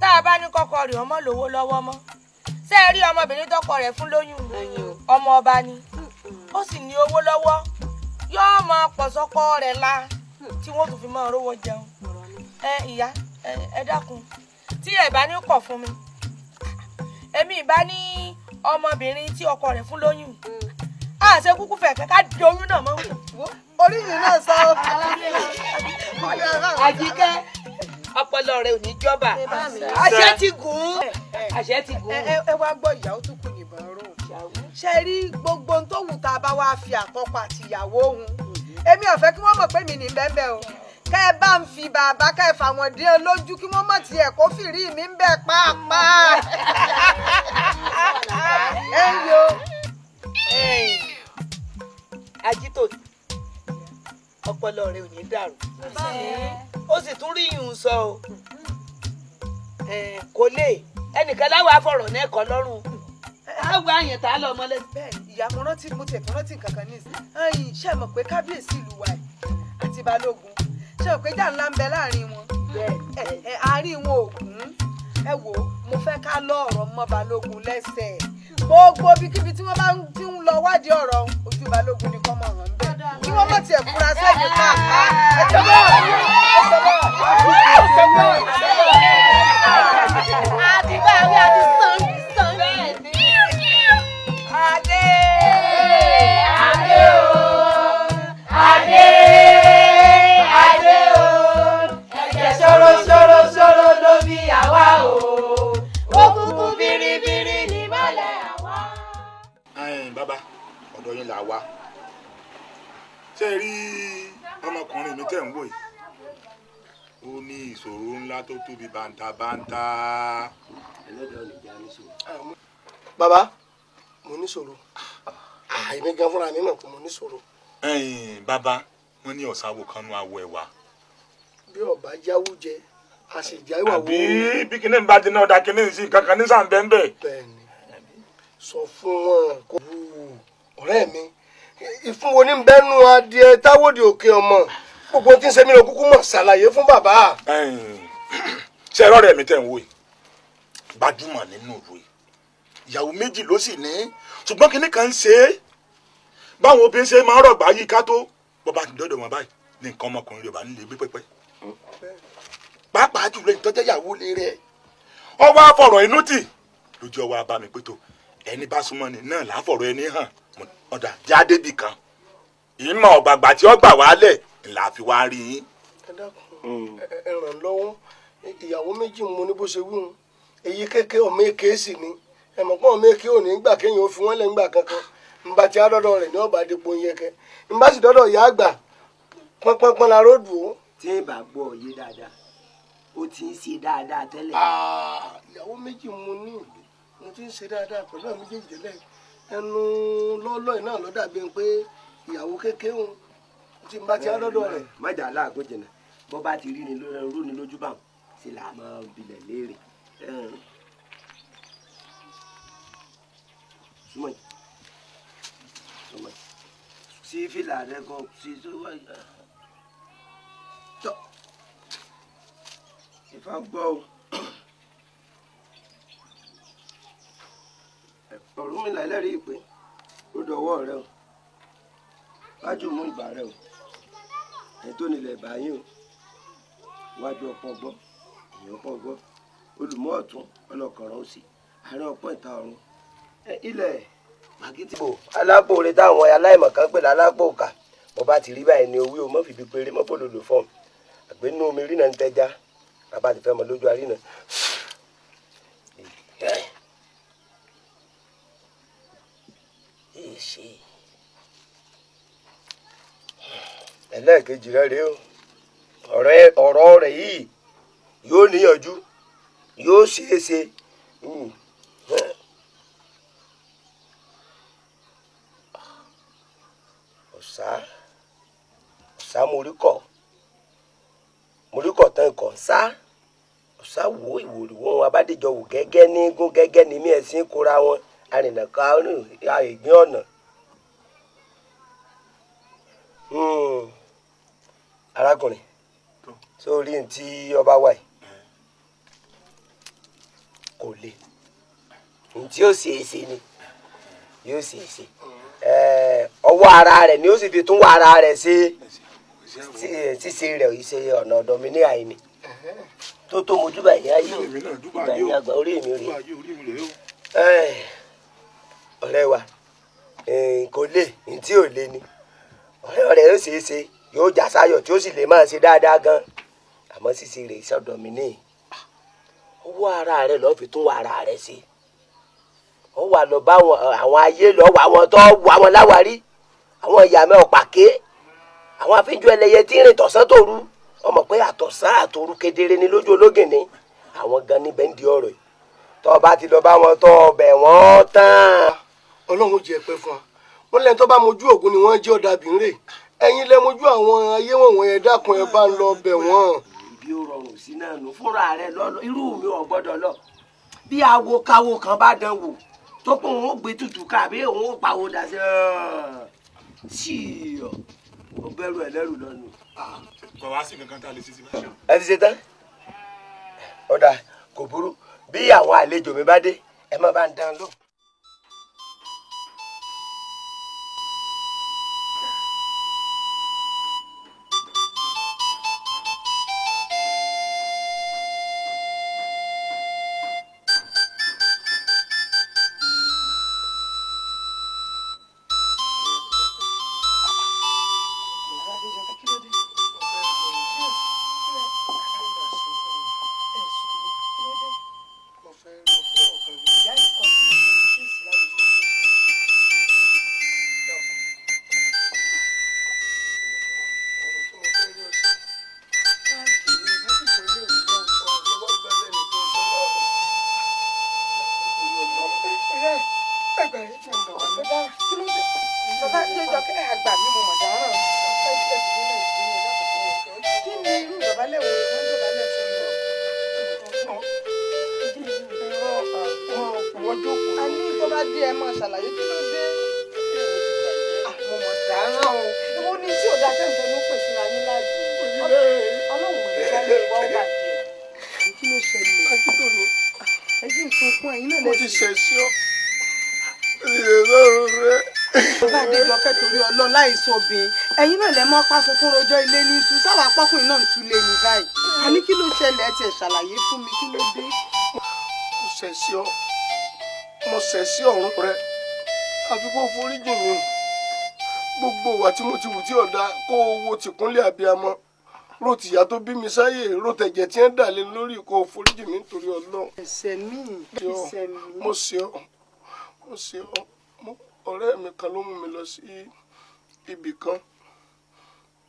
tá a bá ní kọ́kọ́ rẹ̀ ọmọ lówó lọ́wọ́ mọ́ ṣé rí ọmọbìnrin tọkọ rẹ̀ fún lóyún ọmọ ọba ni ó sì ní owó lọ́wọ́ yóò mọ pọ̀sọ́kọ rẹ̀ la tí wọ́n tún fi máa rówó jẹun ẹ ìyá ẹ dákun tí ẹ bá ní kọ̀ fún mi èmi ìbá ní ọmọbìnrin tí ọkọ rẹ̀ fún lóyún àṣẹ kúkú fẹ̀fẹ́ ká di oyún náà mọ́ oríyìn náà sọ àjíkẹ́ ọpọlọ rẹ ò ní jọba àṣẹ ti gùn àṣẹ ti gùn. ẹ wá gbọ́ ìyàwó tún kù yìnbọn rò ṣe rí gbogbo ohun tó wù tá a bá wá fi àkọ́kọ́ àti ìyàwó òun èmi ò fẹ́ kí wọ́n mọ̀ pé mi ní bẹ́ẹ̀ o kẹ́ ẹ bá ń fi bàbá kẹ́ ẹ fà wọ́n dé lójú kí wọ́n mọ̀ tiẹ̀ kó fìrí mi ń bẹ̀ pàápàá. ẹ ń yo ajito ọpọlọ rẹ ò ní dàrú ó sì tún rí yìnyín sọ o kò lè ẹnìkan láwọn afọ̀rọ̀ náà kọ́ lọ́rùn á wá àyàn tá a lọ ọmọlẹ. bẹ́ẹ̀ ìyàmú rántí mo tiẹ̀ fún rántí nǹkan kan nísì ẹ̀yìn ṣe mọ̀ pé kábíyèsí ìlú wa àti balógun ṣe mọ̀ pé jà ńlá ń bẹ láàrin wọn ẹ àárín wọn ògún ẹ wò mo fẹ́ ká lọ ọ̀rọ̀ mọ́ balógun lẹ́sẹ̀ gbogbo ibikíbi tí wọ́n bá ń lọ wádìí ọ̀rọ̀ ojú balógun ni kọ́ mọ̀ hàn bẹ́ẹ̀ kí wọ́n mọ̀ tiẹ̀ fura sẹ́yìn pa ẹ̀ tẹ́ bọ́ ẹ̀ o òkùnkùn biribiri ni mọ́lẹ̀ àwa. bàbá ọ̀dọ̀ yín là wá rí ọmọkùnrin mi tẹ̀ ń wò yìí ó ní ìṣòro ńlá tó tóbi bàǹtàbàǹtà. bàbá mo níṣòro àìní ah, gan fúnra mi mọ̀ pé mo níṣòro. bàbá wọn ní ọ̀sáwò kan nu awọ ẹ̀wà. bí ọba jáwó jẹ a sì já ìwà àbí bí kinní bá dín náà da kinní sí kankan ní sàn bẹ́ẹ̀ bẹ́ẹ̀. bẹ́ẹ̀ni sọ fún wọn kó bu ọ̀rẹ́ mi ìfúnwo ní bẹnu adìẹ táwọdì òkè ọmọ gbogbo tí ń ṣe mí lọ kúkú mọ ṣàlàyé fún bàbá. ṣe ẹ̀rọ rẹ̀ mi tẹ̀ ń wò yìí gbajúmọ̀ nínú ìlú yìí ìyàwó méjì ló sì ní ṣùgbọ́n kinní kan ń ṣe é báwọn obìnrin ṣe máa ń rọ̀gbà yí ká tó bọ́ba ti dọ́dọ̀ wọn báyìí ní nǹkan ọmọkùnrin Yorùbá ń lè gbé pẹ́pẹ́. pàápàá jùlọ nǹkan ìyàwó lé rẹ̀ ọwọ́ àfọ̀rọ̀ inú tì lójú ọwọ́ abá ẹni bá súnmọ́ ni náà láfọ̀rọ̀ ẹni hàn ọ̀dà jáde bì kan ìmọ̀ ọ̀gbàgbà tí ó gbà wálẹ̀ là fi wá rí yín. ẹ dákun hmm. ẹ ràn lọ́wọ́ ìyàwó méjì mo ní èyí ọmọ èké kankan ti rẹ̀ ní sì dọ́dọ̀ tí ó ti ń ṣe dáadáa tẹ́lẹ̀. Ah, ìyàwó méjì mo ní ìlú mo ti ń ṣe dáadáa pẹ̀lú àwọn méjèèjì tẹ́lẹ̀ ẹnu lọ́lọ́ iná ló dàbí pé ìyàwó kékeré òun tí n bá ti lọ́dọ̀ rẹ̀. májà aláàgó jìnnà bọ́ bá ti rí ni rú ni lójú bá wọn sì là máa bilẹ̀ léèrè. súnmọ́ yìí súnmọ́ yìí sí fìlà rẹ̀ kan sí sọ́wọ́ yìí. ìfà gbọ́ o ọ̀rùn mi láìlẹ́rìí ìpè ó dọwọ́ rẹ o wájú mú ìbà rẹ o ètò nílẹ̀ ìbáyé o wájú ọpọ gbọ́ èèyàn ọpọ gbọ́ olùmọ̀ ọ̀tún ọlọ́kọ̀ọ̀rọ̀ òsì àárín ọpọ ìta ọ̀run ilẹ̀ màgítì. alápò orin táwọn aláìmọ̀ kan pè lálápò òkà bó bá ti riba e ni owó o mọ̀ fìbí péré mọ́ bòlòlò fọ́ọ̀mù àgbẹ̀nú omi rí náà ń teja bàbá ti fẹ́ mọ lójú arí náà. ẹlẹ́ẹ̀kejì rẹ rèé o ọ̀rọ̀ rẹ̀ yìí yóò níyànjú yóò ṣeé ṣe. Hmm. ọ̀sá ọ̀sá mo rí kọ̀. mo rí kọ̀tán ikọ̀ sá sá wo ìwòrìwò wọn abádìjọ wò gẹ́gẹ́ ní gún gẹ́gẹ́ ní mí ẹ̀sìn kóra wọn arìnàká àìgbín ọ̀nà. Hmm. arákùnrin sórí ntí ọba wà yìí kò le ntí ó ṣe é ṣe ni yóò ṣe é ṣe hmm. ọwọ́ ara rẹ̀ ni ó sì fi tún wà ara rẹ̀ ṣe. se eh, rẹ̀ yìí ṣe ọ̀nà ọ̀dọ̀ mi ní àìní tó tó mojú báyìí ayé o báyìí àgbà orí mi rè ọ̀rẹ́ wa eh, kò lè ntí ò lè ni ọ̀rẹ́ rẹ̀ yóò ṣeé ṣe yóò jà sáyọ̀ tí ó sì lè máa ṣe dáadáa gan àmọ́ ṣíṣe rẹ̀ ìṣọ̀dọ̀ mi ní owó ara rẹ̀ lọ́ọ́ fi tún ara rẹ̀ ṣe wọ́n wà lọ bá àwọn ayé lọ́ọ́ wà wọn tó wà wọn láwárí àwọn ìyá mi àwọn afínjú ẹlẹ́yẹ tí ń rìn tọ̀sán tòru ọmọ pé àtọ̀sán àtòru kedere ni lójú ológìnní àwọn gan níbẹ̀ ń di ọ̀rọ̀ yìí tọ́ ọba ti lọ bá wọn tọ́ ọbẹ̀ wọ́n tán. ọlọ́run jẹ́ pẹ́ fún wa wọ́n lẹ́ni tó bá mojú ògùn ni wọ́n jẹ́ ọ̀dàbìnrin rè ẹ̀yin lẹ mojú àwọn ayé wọ̀nyẹn ẹ̀ dákun ẹ̀ bá ń lọ bẹ̀ wọ́n. ibi ó rọrùn sí náà nù fúnra rẹ lọ́lọ́ irú mi ò gbọ́dọ̀ lọ bí awo kan bá dán wò tó pé òun ó gbé tutù ká òun ó pawó dà sí ọ́ọ́ sí ọ́ ó bẹ̀rù ẹlẹ́rù lọ́nu. kò wá sí nǹkan tá a lè ṣe sí bá ṣe. ẹ ti ṣe tán ọ̀dà kò burú bí àwọn àlejò mi bá dé ẹ má bá ń dán lóhùn ọlọ́run láìsọ obìnrin ẹ̀yin náà lẹ mọ́ pásọ fún rojọ́ ilé ní tú sáwà apákùnrin náà ń lé ní báyìí a ní kí ló ṣẹlẹ̀ ẹ tiẹ̀ ṣàlàyé fún mi kí ló dé. mo ṣẹ̀ sí ọ mo ṣẹ̀ sí ọ̀run rẹ àfi kó foríjì mi gbogbo ìwà tí mo ti wù tí ọ̀dà kó owó tìkúnlẹ̀ abiyamọ ro tó bí mi sáyè ro tẹ̀jẹ̀ tí ń dà lé lórí ìkọ foríjì mi nítorí ọlọ́run. ẹ̀ṣẹ̀ mi ẹ̀ṣẹ̀ mi. mo ṣe ọ mo ṣe ọ ọ̀rẹ́ mi kan ló mú mi lọ sí. Si ibì kan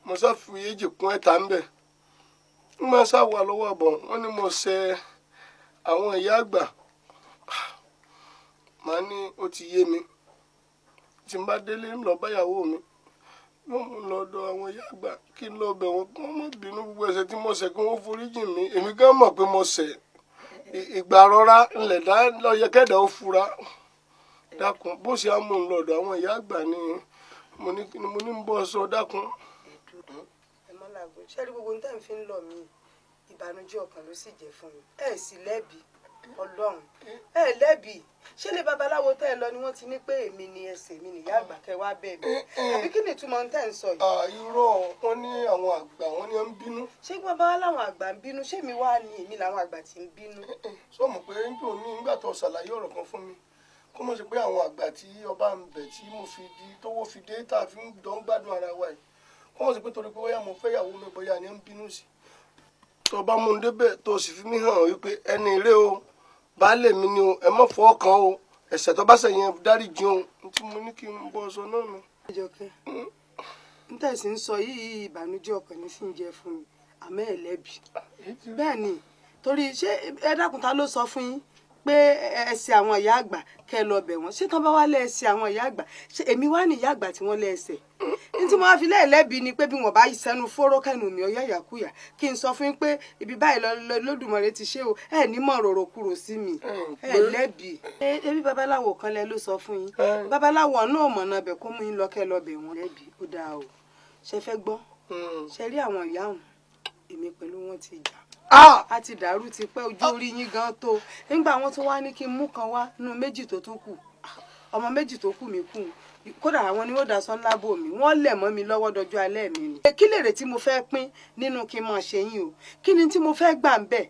mo sá fi èjì kún ẹ̀ta ń bẹ̀ ń máa sá wà lọ́wọ́ ọ̀bọ̀ wọ́n ní mo ṣe àwọn ìyá àgbà màá ní ó ti yé mi tí n bá délé ń lọ báyàwó mi yóò mú lọ dọ̀ àwọn ìyá àgbà kí n lọ bẹ̀ wọ́n kí wọ́n má bínú gbogbo ẹ̀ṣẹ̀ tí mo ṣẹ̀ kí wọ́n foríjì mi èmi gan mọ̀ pé mo ṣẹ̀ ìgbà rọra ńlẹ̀ dá lọ́yẹ̀kẹ́dà ó fura dákun bó ṣe á mú un lọ àwọn ìyá àgbà ni mo ní kí ni mo ní ń bọ́ sọ dákun. ẹ má làágùn ṣẹ́rí gbogbo ní tẹ́ǹfì ń lọ mí ìbànújẹ́ ọkàn ló sì jẹ́ fún mi ẹ sì lẹ́bi ọlọ́run ẹ lẹ́bi ṣé lè babaláwo tẹ́ ẹ lọ ni wọ́n ti ní pé èmi ni ẹsẹ̀ mi nìyá àgbà kẹwàá bẹ́ẹ̀ mi àbí kí ni ìtumọ̀ tẹ́ ń sọ yìí. Ah, irọ́ wọn ní àwọn àgbà wọn ni ń bínú. ṣé bàbá làwọn àgbà ń bínú ṣé mi wá ni èmi làwọn àgbà ti ń bínú. sọ mọ̀ pé ń dùn mí nígbà ṣàlàyé ọ̀rọ̀ kan fún mi kó mọ̀ sí pé àwọn àgbà tí ọba ń bẹ̀ tí mo fi di tówó fi dé tá a fi ń dán gbádùn ara wa yìí kó mọ̀ sí pé torí pé bóyá mo fẹ́ ìyàwó mi bóyá ni ń bínú sí tó bá mú un débẹ̀ tó sì fi mí hàn wípé ẹni ire o baálé mi ni o ẹ mọ̀ fọ́ ọkàn o ẹ̀ṣẹ̀ tó bá sẹ̀yìn ẹ dáríjì o tí mo ní kí n bọ́ sọ náà nù. ìjọkẹ́ n tẹ̀sí ń sọ yìí ìbànújẹ́ ọkàn ní sí ń jẹ fún mi àmọ́ ẹ̀ lẹ́bi ah, bẹ́ẹ̀ ni torí ṣé ẹ dákun ló sọ fún yín pé ẹsẹ̀ àwọn ìyá àgbà kẹ́ ẹ lọ bẹ̀ wọ́n ṣé tán bá wá lẹ́ẹ̀sẹ̀ àwọn ìyá àgbà ṣé èmi wá ní ìyá àgbà tí wọ́n lẹ́ẹ̀sẹ̀ ní tí wọ́n á fi lẹ́ẹ̀lẹ́bi ni pé bí wọ́n bá sẹ́nu fóró kẹ́nu mi ọ̀yá ìyàkúyà kí n sọ fún pé ibi báyìí lọ́dùmarè ti ṣe o ẹ ní mọ̀ rọ̀rọ̀ kúrò sí mi ẹ lẹ́bi. ebi babaláwo kan lẹ ló sọ fún yín babaláwo náà mọ̀nà bẹ̀ kó mú yín lọ́kẹ́ lọ́bẹ̀ wọn lẹ́bi ó dáa o ṣe fẹ́ gbọ́ ṣe rí àwọn ìyá àwọn èmi pẹ̀lú wọn ti jà Ah! a ti dàrú ti pẹ́ ojú orí yín gan tó nígbà wọn tó wá ní kí n mú kan wá nínú méjì tó tún kù ọmọ méjì tó kù mí kù kódà àwọn ni wọn dà sọ ńlá bò mí wọn lẹ̀ mọ́ mi lọ́wọ́ dọjọ́ alẹ́ mi ni. kí lèrè tí mo fẹ́ pín nínú kí n máa ṣe yín o kí ni tí mo fẹ́ gbà ń bẹ̀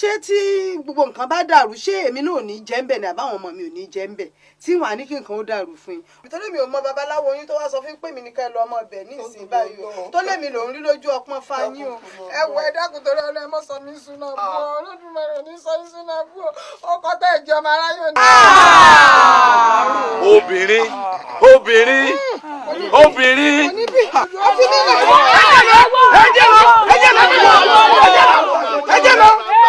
ṣé tí gbogbo nǹkan bá dàrú ṣé èmi náà ò ní jẹ́ ń bẹ̀ ní àbáwọn ọmọ mi ò ní jẹ́ ń bẹ̀ tí wàá ní nǹkan ó dàrú fún yín. nítorí mi ò mọ babaláwo oyún tó wá sọ fún pé mi nìkan lọ ọmọ ọbẹ̀ ní báyìí o tó lèmi lòún rí lójú ọpọ́n fáyín o ẹ wọ ẹ dákun torí ọlọ́ ẹ mọ́ sọ mí súná bú ọ ah. olódùmarè ní sọ mí súná bú ọ ọkọ tẹ ìjọba aráyò ní. Ah! obìnrin obìnrin obìnrin. Ah! ẹ jẹ́ lọ ẹ jẹ́ lọ ẹ jẹ́ lọ ẹ jẹ́ lọ.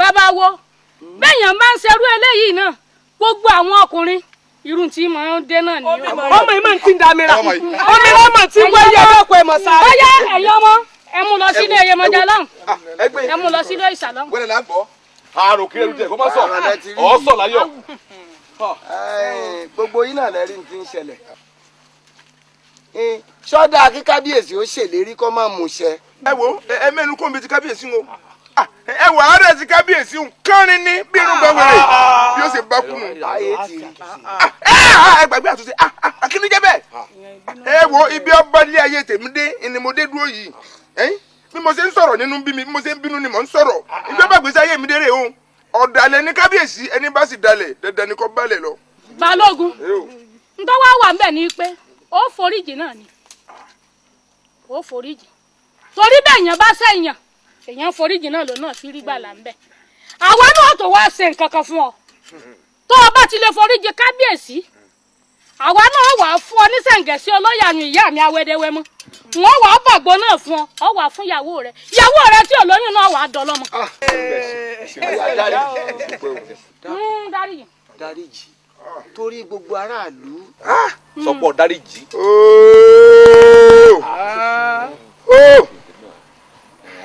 babawo bẹ́ẹ̀yàn máa ń ṣerú eléyìí náà gbogbo àwọn ọkùnrin tí mo ń dé náà nìyó. ọmọ yìí máa ń ti ń damira ọmọ yìí tí ń wáyé sáré. bóyá ọmọ ẹ mú lọ sílé Yemọja lọ́hùn ah, ẹ mú lọ sílé ìsàlọ́hùn. wẹ́rẹ́ la gbọ́ àrùn kí jẹ kó má sọ ọ sọ láyọ̀. gbogbo yín náà lẹ́rìí ti ń ṣẹlẹ̀ kí kábíyèsí ó ṣèlérí kó má mú ẹ wà á rẹ̀ sí kábíyèsí nkánni ní bí irun bá wẹ̀rẹ̀ bí ó ah! ah! e gbagbe ẹ ah! ah! akíní jẹ́ bẹ́ẹ̀ wo ibi ọba ilé ayé tèmi dé ni mo dé dúró yìí bí mo ṣe ń sọ̀rọ̀ nínú mi mo ṣe ń bínú mi o ọ̀dàlẹ̀ ní kábíyèsí ẹni bá ni kò balẹ̀ lọ. balógun ntọ́wá wà ń bẹ̀ ni ni èèyàn foríjì náà lòun náà fi rí gbàlà ń bẹ àwa náà tó wá ṣe nǹkan kan fún ọ tó o bá ti lè foríjì kábíyèsí àwa náà wà á fún ọ ní sẹ̀ǹgẹ̀sí ọlọ́yàánú ìyá mi awẹ́dẹ́wẹ́ mọ́ wọn wà á bàgbọ́ náà fún ọ ọ wà á fún ìyàwó rẹ ìyàwó rẹ tí olóyún náà wà á ah. hmm, torí gbogbo aráàlú. Ah. Hmm. sọpọ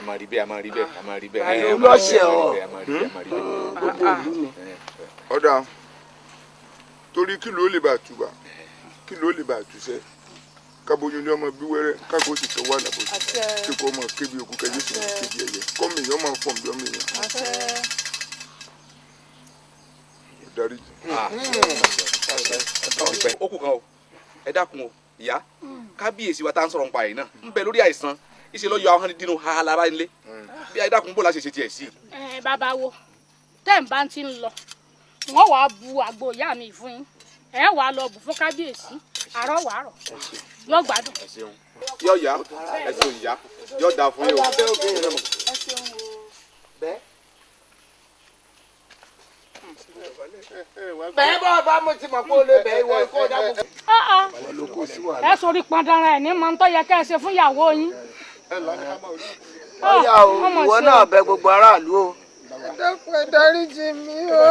a máa rí bẹ́ẹ̀ a máa rí bẹ́ẹ̀ a máa rí bẹ́ẹ̀. Eh, olóṣè ọ gbogbo òlú ni. ọ̀dà torí kí ló lè bá tùbà kí ló lè bá tùṣẹ́ kábóyún ní ọmọ bí wẹ́rẹ́ kágbó sì tọ́wọ́ àlàbò tí kò mọ̀ kébi òkú kẹjú sí ní kébi ẹ̀yẹ kọ́mi èèyàn máa ń fọ̀ mí ọmọ èèyàn. Ah, hmm. ó kù kan o ẹ dákun o ìyá hmm. kábíyèsí wa tá à ń sọ̀rọ̀ nípa ẹ̀ náà ń bẹ lórí àìsàn ìṣe lọ yọ àwọn hànídìnnú ha lára ilé mm. bí ayé dàkún bò láti ṣe tiẹ̀ sí. ẹ eh, bàbá wo tẹ́ ń bá ń ti ń lọ wọ́n wàá bu àgbo ìyá mi fún yín ẹ wàá lọ bù fún kábíyèsí àárọ̀ wàá rọ̀ lọ́gbàdùn. yọ ya ẹsẹ òun ya yọ da fún yín o. bẹ́ẹ̀ bá ọba mo ti mọ̀ pé o lè bẹ̀ ìwọ ikú ọjà gbogbo. Ah, ah. ẹ sọ orí pọn dandan ẹ ní mọ ń yẹ kẹ́ ẹ ṣe fún ìyàwó yín. Ah, ọyà o ìwọ náà bẹ gbogbo aráàlú o. ẹ dákun hmm. ẹ dáríjì mi o.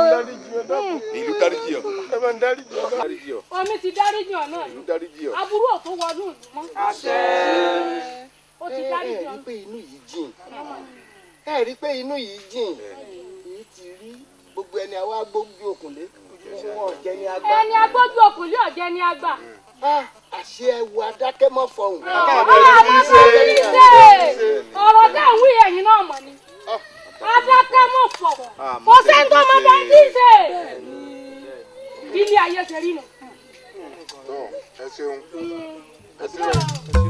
ìlú dáríjì ọ. ẹ bá ń dáríjì ọ. dáríjì ọ. omi ti dáríjì ọ náà. ìlú dáríjì ọ. aburú ọ̀tún wọnú ìlú mọ́. àṣẹ. ó ti dáríjì ọ. ẹ rí pé inú yìí jìn. ẹ rí pé inú yìí jìn. èyí ti rí gbogbo ẹni àwa gbójú òkùnlé. ẹni agbójú òkùnlé ọ̀jẹ̀ ni àgbà àṣé ẹwù adákẹ́ mọ́ fọhùn. ọ̀rọ̀ ọ̀rọ̀ tá à ń wí ẹ̀yìn náà mọ̀ ni adákẹ́ mọ́ fọhùn kò sẹ́ni tó mọ bá ń tí ì ṣe. bí ilé ayé ṣe rí nù. ẹ ṣeun ẹ ṣeun.